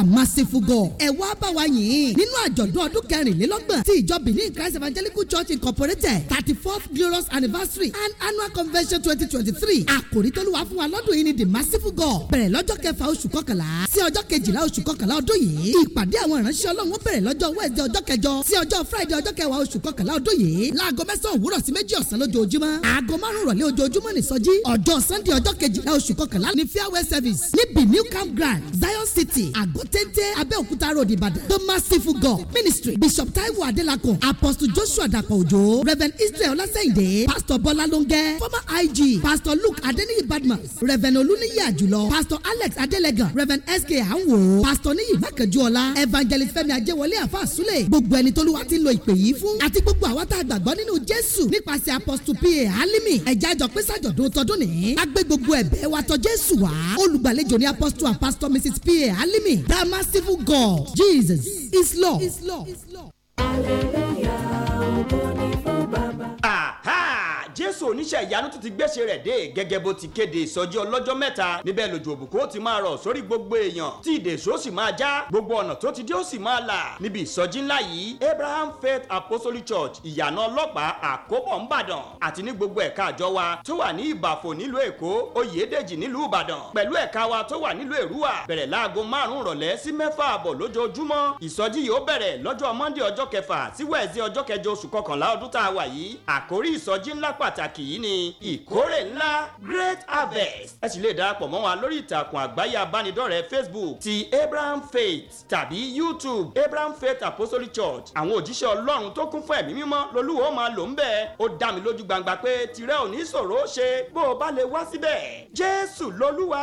a merciful God. ẹ wá bá wa yìn nínú àjọ̀dún ọdún kẹrìnlélọ́gbọ̀n tí ìjọ benin christ evangelical church incorporated thirty fourth glorious anniversary and annual convention twenty twenty three àkòrí tó lù wá fún wa lọ́dún yìí ni the merciful God. bẹ̀rẹ̀ lọ́jọ́ kẹfà oṣù kọkànlá sí ọjọ́ kejìlá oṣù kọkànlá ọdún yìí ìpàdé àwọn ìránṣẹ́ ọlọ́run bẹ̀rẹ̀ lọ́jọ́ wednesday ọjọ́ kẹjọ sí ọjọ́ friday ọjọ́ kẹwàá oṣù kọkànlá ọdún yìí láago mẹ́sàn-án òwúrọ̀ sí méjì ọ̀sán lójoojúmọ́ aago márùn-ún rọ̀lẹ́ ojoojúmọ́ sunday ọjọ́ kejìlá oṣù kọkànlá service níbi new zion city àgọ́ téńté abẹ́òkúta road ìbàdàn the merciful god ministry bishop taiwo adelakun apostle joshua dapò òjò reverend israel ọlásẹ̀yìndé pastor bọ́lá lóńgẹ́ former ig pastor luke adeniyi badmus reverend olúniyè àjùlọ pastor alex Adelega reverend sk anwo pastor Niyi mákànjúọlá evangelist fẹ́mi ajẹ́wọlé àfa àsúlẹ̀ gbogbo ẹni tó lùwà ti lo ìpè yìí fún àti gbogbo àwa tá a gbàgbọ́ nínú jésù nípasẹ̀ apostle pa halimi ẹ̀já àjọ pé sàjọ̀dún tọdún ní agbé gbogbo ẹ̀bẹ̀ wa jésù wá olùgbàlejò ní apostle and pastor mrs pa halimi dá A merciful God, Jesus, is Lord. Is Lord. Is Lord. oníṣẹ́ ìyanu ti ti gbéṣe rẹ̀ dé gẹ́gẹ́ bó ti kéde ìsọjí ọlọ́jọ́ mẹ́ta níbẹ̀ lójú òbùkó ó ti máa rọ̀ sórí gbogbo èèyàn tí ìdèso sì máa já gbogbo ọ̀nà tó ti dé ó sì máa là níbi ìsọjí ńlá yìí Abraham Faith Apostolic Church ìyànà ọlọ́pàá àkóbọ̀ ńbàdàn àti ní gbogbo ẹ̀ka àjọ wa tó wà ní ìbàfò nílùú èkó oyèdèjì nílùú ìbàdàn pẹ̀lú ẹ̀ka wa tó wà nílùú èrúwà bẹ̀rẹ̀ láago márùn-ún rọ̀lẹ́ sí mẹ́fà àbọ̀ lójoojúmọ́ ìsọjí yìí ó bẹ̀rẹ̀ lọ́jọ́ Monday ọjọ́ kẹfà sí wẹ̀ẹ́sì ọjọ́ kẹjọ oṣù kọkànlá ọdún tá a wà yìí àkórí ìsọjí ńlá pàtàkì pàtàkì yìí ni ìkórè ńlá great harvest ẹ sì lè darapọ̀ mọ́ wa lórí ìtàkùn àgbáyé abánidọ́rẹ̀ẹ́ facebook ti abraham faith tàbí youtube abraham faith apostolic church àwọn òjíṣẹ́ ọlọ́run tó kún fún ẹ̀mí mímọ́ lolúwo máa lò ń bẹ̀ ó dá mi lójú gbangba pé tirẹ̀ ò ní ṣòro ṣe bó o bá lè wá síbẹ̀ jésù lolúwa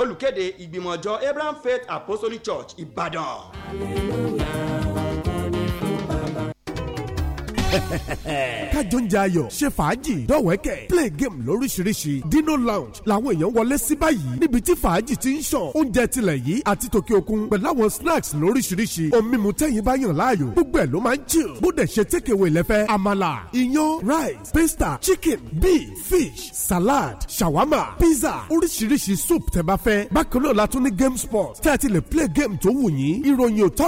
olùkéde ìgbìmọ̀jọ abraham faith apostolic church ìbàdàn. hallelujah kájọ ń jẹ ayọ̀ ṣe fàájì dọ́wẹ́kẹ̀ play game lóríṣiríṣi dino lounge làwọn èèyàn wọlé sí báyìí níbi tí fàájì ti ń sàn oúnjẹ tilẹ̀ yìí àti tòkè òkun pẹ̀lú àwọn snacks lóríṣiríṣi ohun mímu tẹ́yìn bá yàn láàyò gbogbo ẹ̀ ló máa ń chill bóde ṣe takeaway lẹ́fẹ́ àmàlà iyán rice pasta chicken beef fish salad shawarma pizza oríṣiríṣi soup tẹ́ bá fẹ́ bákan náà la tún ní game sport tẹ́ ẹ ti lè play game tó wù yín ìròyìn ò tó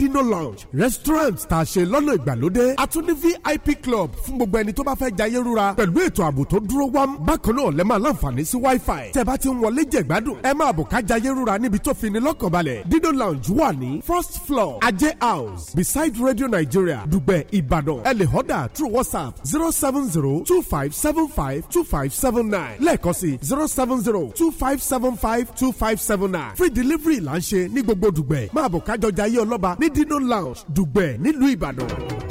dino lounge restaurant tà ṣe lọ́nà ìgbàlódé a tún ní vip club fún gbogbo ẹni tó bá fẹ́ jayé rúra pẹ̀lú ètò ààbò tó dúró wám bákan náà lẹ́ máa láǹfààní sí wifi tẹ́ bá ti ń wọlé jẹ̀gbádùn ẹ máa bọ̀ ká jayé rúra níbi tó fi ní lọ́kànbalẹ̀ dido lounge wà ní first floor ajé house beside radio nigeria dùgbẹ̀ ìbàdàn ẹ lè họ́dà through whatsapp zero seven zero two five seven five two five seven nine lẹ́ẹ̀kan sí zero seven zero two five seven five two five seven nine free delivery là ń ṣe ní gbogbo dùgbẹ̀ máa bọ̀ kájọ jayé ọlọ́ba ní dido lounge dùgbẹ̀ nílùú ìbàdàn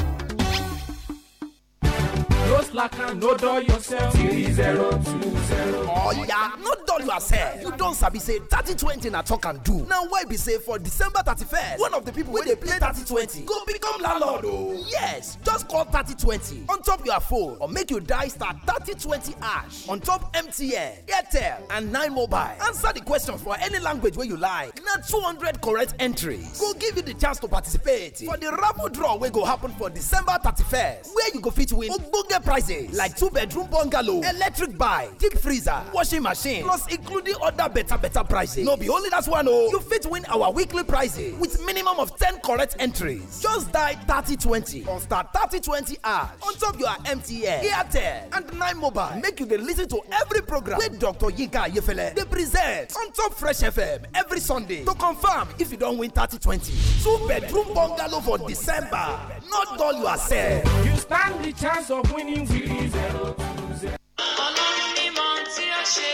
slack and no dull yourself. three zero two zero. oya no dull yourself you don sabi say thirty twenty na talk and do Now why be say for december thirty first one of the people wey dey play thirty twenty go become landlord o. Oh? yes just call thirty twenty on top your phone or make you die star thirty twenty ash on top mtn airtel and nine mobile answer the question for any language wey you like na two hundred correct entries go give you the chance to participate for the raffle draw wey go happen for december thirty first where you go fit win ogbonge prize prices like two bedroom bungalow, electric bike, deep freezer, washing machine, plus including other better better prices. No be only that one oh, you fit win our weekly prizes with minimum of ten correct entries. Just die thirty twenty on start thirty twenty hours on top your MTN, Airtel, and Nine Mobile. Make you dey lis to every program wey Doctor Yinka Yefele, dey present on top Fresh FM every Sunday to confirm if you don't win thirty twenty. Two bedroom bungalow for December. No dull yourself. stand the chance of winning with 0 2 0. ọlọ́run mímọ̀ tí ó ṣe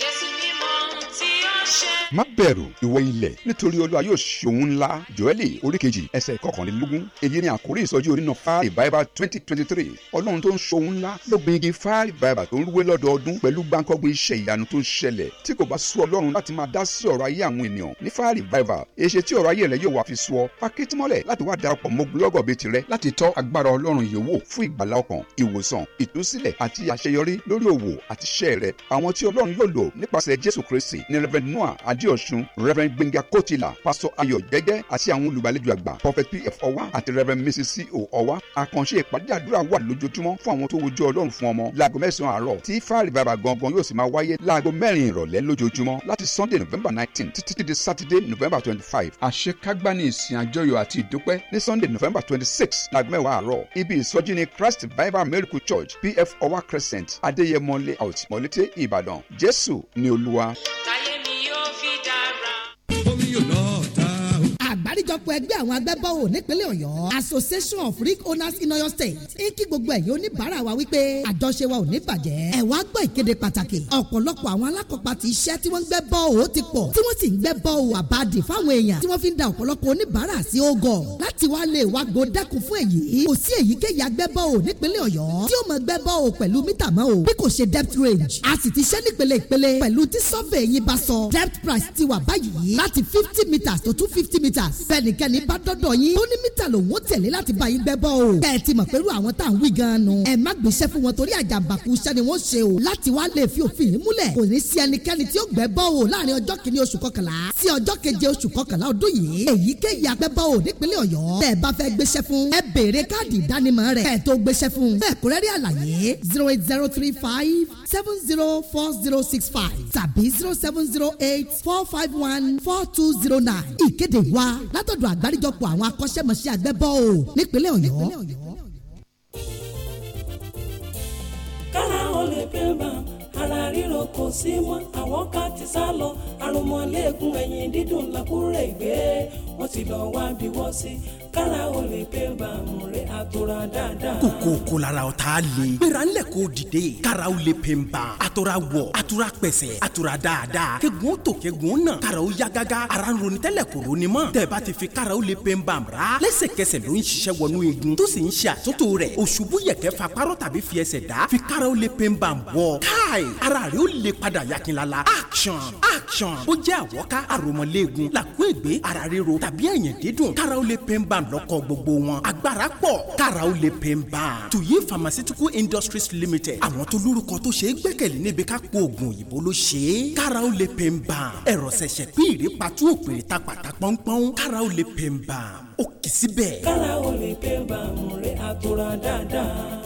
jésù mímọ̀ tí ó ṣe. má bẹ̀rù ìwọ ilẹ̀ nítorí olúwa yóò ṣe òun ńlá joeli oríkejì ẹsẹ̀ kọkànlélógún èyí ni àkórí ìsọjí onínà fáàrí báíbà twenty twenty three ọlọ́run tó ń ṣe òun ńlá ló gbin igi Five Bible. tó ń rúwé lọ́dọọdún pẹ̀lú gbáǹkọ́gbìn iṣẹ́ ìyanu tó ń ṣẹlẹ̀ tí kò bá sú ọlọ́run láti máa dá sí ọ̀rọ̀ ayé àwọn ènìyàn ní fáàrí báíbà èṣe tí ọ̀rọ̀ ayé rẹ yóò wá fi sú ọ pàkítímọ́lẹ̀ láti wá darapọ̀ mọ́ búlọ́gọ̀ bíi tirẹ̀ láti tọ́ agbára ọlọ́run yìí wò fún ìgbàlá ọkàn ìwòsàn ìtúsílẹ̀ àti àṣeyọrí lórí òwò àti iṣẹ́ rẹ àwọn tí ọlọ́run yóò lò nípasẹ̀ jésù kristi ní rẹ́fẹ̀d noah ad ìdíjí ọ̀ṣun rev gbẹ̀ngà kòtìlà pásọ ayọ̀ jẹ́gẹ́ àti àwọn olùgbàlejò àgbà prophet pf ọwá àti rev mrs co ọwá àkànṣe ìpàdé àdúrà wà lójoojúmọ́ fún àwọn tó wojú ọlọ́run fún ọmọ láago mẹ́sàn-án àárọ̀ tí fáàrí bàbá gangan yóò sì máa wáyé láago mẹ́rin ìrọ̀lẹ́ lójoojúmọ́ láti sunday november nineteen títí di saturday november twenty-five àṣekágbá ní ìsìn àjọyọ̀ àti ìdúpẹ́ ní sunday november twenty-six láago mẹ́wàá àárọ̀ ibi ìsọjí ní christ bible miracle church pf ọwá crescent adéyẹmọlé out mọ̀lété ìbàdàn jésù ni olúwa. àgbáríjọpọ̀ ẹgbẹ́ àwọn agbẹ́bọ́ọ̀ nípínlẹ̀ ọ̀yọ́ association of rig owners in oyo state ń kí gbogbo ẹ̀yin oníbàárà wa wípé àjọṣe wa ò ní bàjẹ́ ẹ̀ wá gbọ́ ìkéde pàtàkì ọ̀pọ̀lọpọ̀ àwọn alákọ̀ọ́pá ti iṣẹ́ tí wọ́n ń gbẹ́ bọ́ọ̀ ti pọ̀ tí wọ́n sì ń gbẹ́ bọ́ọ̀ àbádì fáwọn èèyàn tí wọ́n fi ń da ọ̀pọ̀lọpọ̀ oníbàárà sí ògọ̀ láti wá lè wá gbo dẹ́kun fún èyí kò sí èyíkéyìí agbẹ́bọ́ọ̀ nípínlẹ̀ ọ̀yọ́ tí ó mọ gbẹ́bọ́ọ̀ pẹ̀lú mítà mọ́ o bí kò ṣe depth range a sì ti ṣẹ́ nípele ìpele pẹ̀lú tí sọ́fẹ̀ yín bá sọ depth price ti wà báyìí láti fifty meters to two fifty meters bẹ́nikẹ́ni bá dọ́dọ̀ yín tó ní mítà lòun ó tẹ̀lé láti bá yín gbẹ́ bọ́ o kẹ́ ẹ ti mọ̀ pẹ̀lú àwọn tá à ń wí gan-an nu ẹ má gbéṣẹ́ fún wọn torí àjàmbákú iṣẹ́ ni wọ́n ṣe o láti wá lè fi òfin yìí múlẹ̀ kò ní sí ẹnikẹ́ni tí ó gbẹ́ bọ́ o láàrin ọjọ́ kìíní oṣù kọkànlá sí ọjọ́ keje oṣù kọkànlá ọdún yìí èyíkéyìí agbẹ́bọ́ o nípínlẹ̀ ọ̀yọ́ tẹ́ bá fẹ́ gbéṣẹ́ zero eight zero three five seven zero four zero six five tàbí zero seven zero eight four five one four two zero nine ìkéde wa lá látọ̀dọ̀ àgbáríjọpọ̀ àwọn akọ́ṣẹ́mọṣẹ́ àgbẹ̀bọ̀ o nípínlẹ̀ ọ̀yọ́. kára ó lè pè mà ara ríro kò sí mọ́ àwọn ká ti sá lọ àròmọ́ léegun ẹ̀yìn dídùn làkúrẹ́ ìgbé wọ́n ti lọ wá bí wọ́n sí kára o lè pé bàmù rẹ̀ àtòrà dáadáa. kòkó kò lára o tá a lè. gbéra ńlẹ̀ kò dìde. kára o lè pè ń ban. àtòrà wọ̀ àtòrà pẹ̀sẹ̀ àtòrà dáadáa. kegun ó tò kegun ó nà. kára o ya gágá. ara ń ronú tẹ́lẹ̀ kò ronú mọ́. tẹ̀bá ti fi kára o lè pè ń ban ra. lẹ́sẹ̀kẹsẹ̀ ló ń ṣiṣẹ́ wọnú igun tó sì ń ṣe àtúntò rẹ̀. òṣùbù yẹ̀kẹ́ fa párọ̀ tàbí fi ẹsẹ̀ dá. fi kára o lè pè ń ban bọ̀. káì action action bó jẹ́ àwọ̀ká àròmọléegun làkúègbé ara ríro tàbí ẹ̀yìn dídùn kára ó lè pè ń bá lọ́kọ̀ gbogbo wọn agbára pọ̀ kára ó lè pè ń bá. tuyi pharmaceutical industries limited àwọn tó lórúkọ tó ṣe é gbẹ́kẹ̀lé níbi ká po oògùn òyìnbó ló ṣe é kára ó lè pè ń bá ẹ̀rọ ṣẹ̀ṣẹ̀ pín ìrèpàtú òpèrè tapàtà pọ́npọ́n kára ó lè pè ń bá ó kì í síbẹ̀. kára ó lè pè ń bá mú rẹ̀ àtòrà dáadáa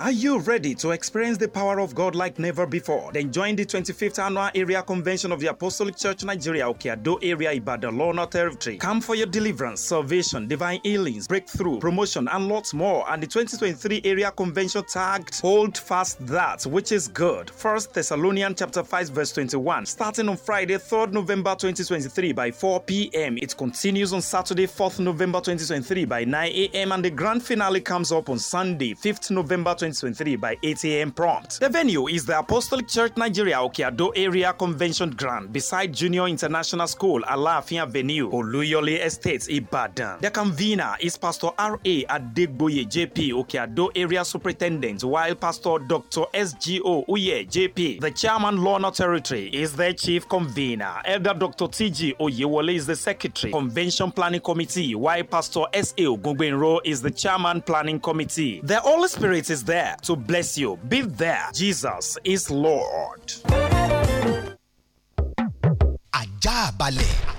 Are you ready to experience the power of God like never before? Then join the 25th Annual Area Convention of the Apostolic Church Nigeria, Okeado Area, Ibadan, Lorna Territory. Come for your deliverance, salvation, divine healings, breakthrough, promotion, and lots more. And the 2023 Area Convention tagged Hold Fast That, which is good. 1 Thessalonians chapter 5, verse 21. Starting on Friday, 3rd November 2023 by 4 p.m. It continues on Saturday, 4th November 2023 by 9 a.m. And the grand finale comes up on Sunday, 5th November 2023 2023 by 8 a.m. prompt. The venue is the Apostolic Church Nigeria Okiado Area Convention Ground beside Junior International School Alafia Venue, Oluyole Estates, Ibadan. The convener is Pastor R.A. Adegboye JP Okiado Area Superintendent, while Pastor Dr. S.G.O. Uye JP, the Chairman Lorna Territory, is the Chief Convener. Elder Dr. T.G. Oyewole is the Secretary, Convention Planning Committee, while Pastor S.A. Ogungbenro is the Chairman Planning Committee. The Holy Spirit is there there to bless you. Be there. Jesus is Lord. Ajabale. balẹ̀.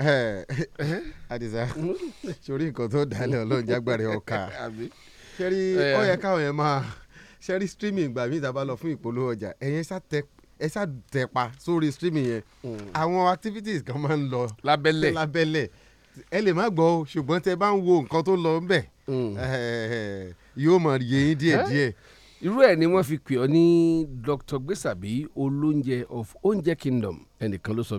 àdìsá eh, mm. sórí nǹkan tó dalẹ̀ ọlọ́run jágbára ọkà sẹ́rí ó yẹ káwọn yẹn máa sẹ́rí streaming gbà mí ìdábà lọ fún ìpolówó ọjà ẹ̀yẹn ẹ ṣá tẹpa sórí streaming yẹn mm. àwọn activities kan máa ń lọ lábẹ́lẹ̀ lábẹ́lẹ̀ ẹ lè má gbọ́ o ṣùgbọ́n tẹ bá ń wo nǹkan tó lọ ńbẹ̀ mm. eh, yóò mọ̀ yé yín díẹ̀díẹ̀. Eh? irú ẹ̀ ni wọ́n fi pè ọ́ ní Dr. Gbèsàbí olóúnjẹ of oúnjẹ kingdom ẹnìkan ló sọ bẹ́ẹ̀.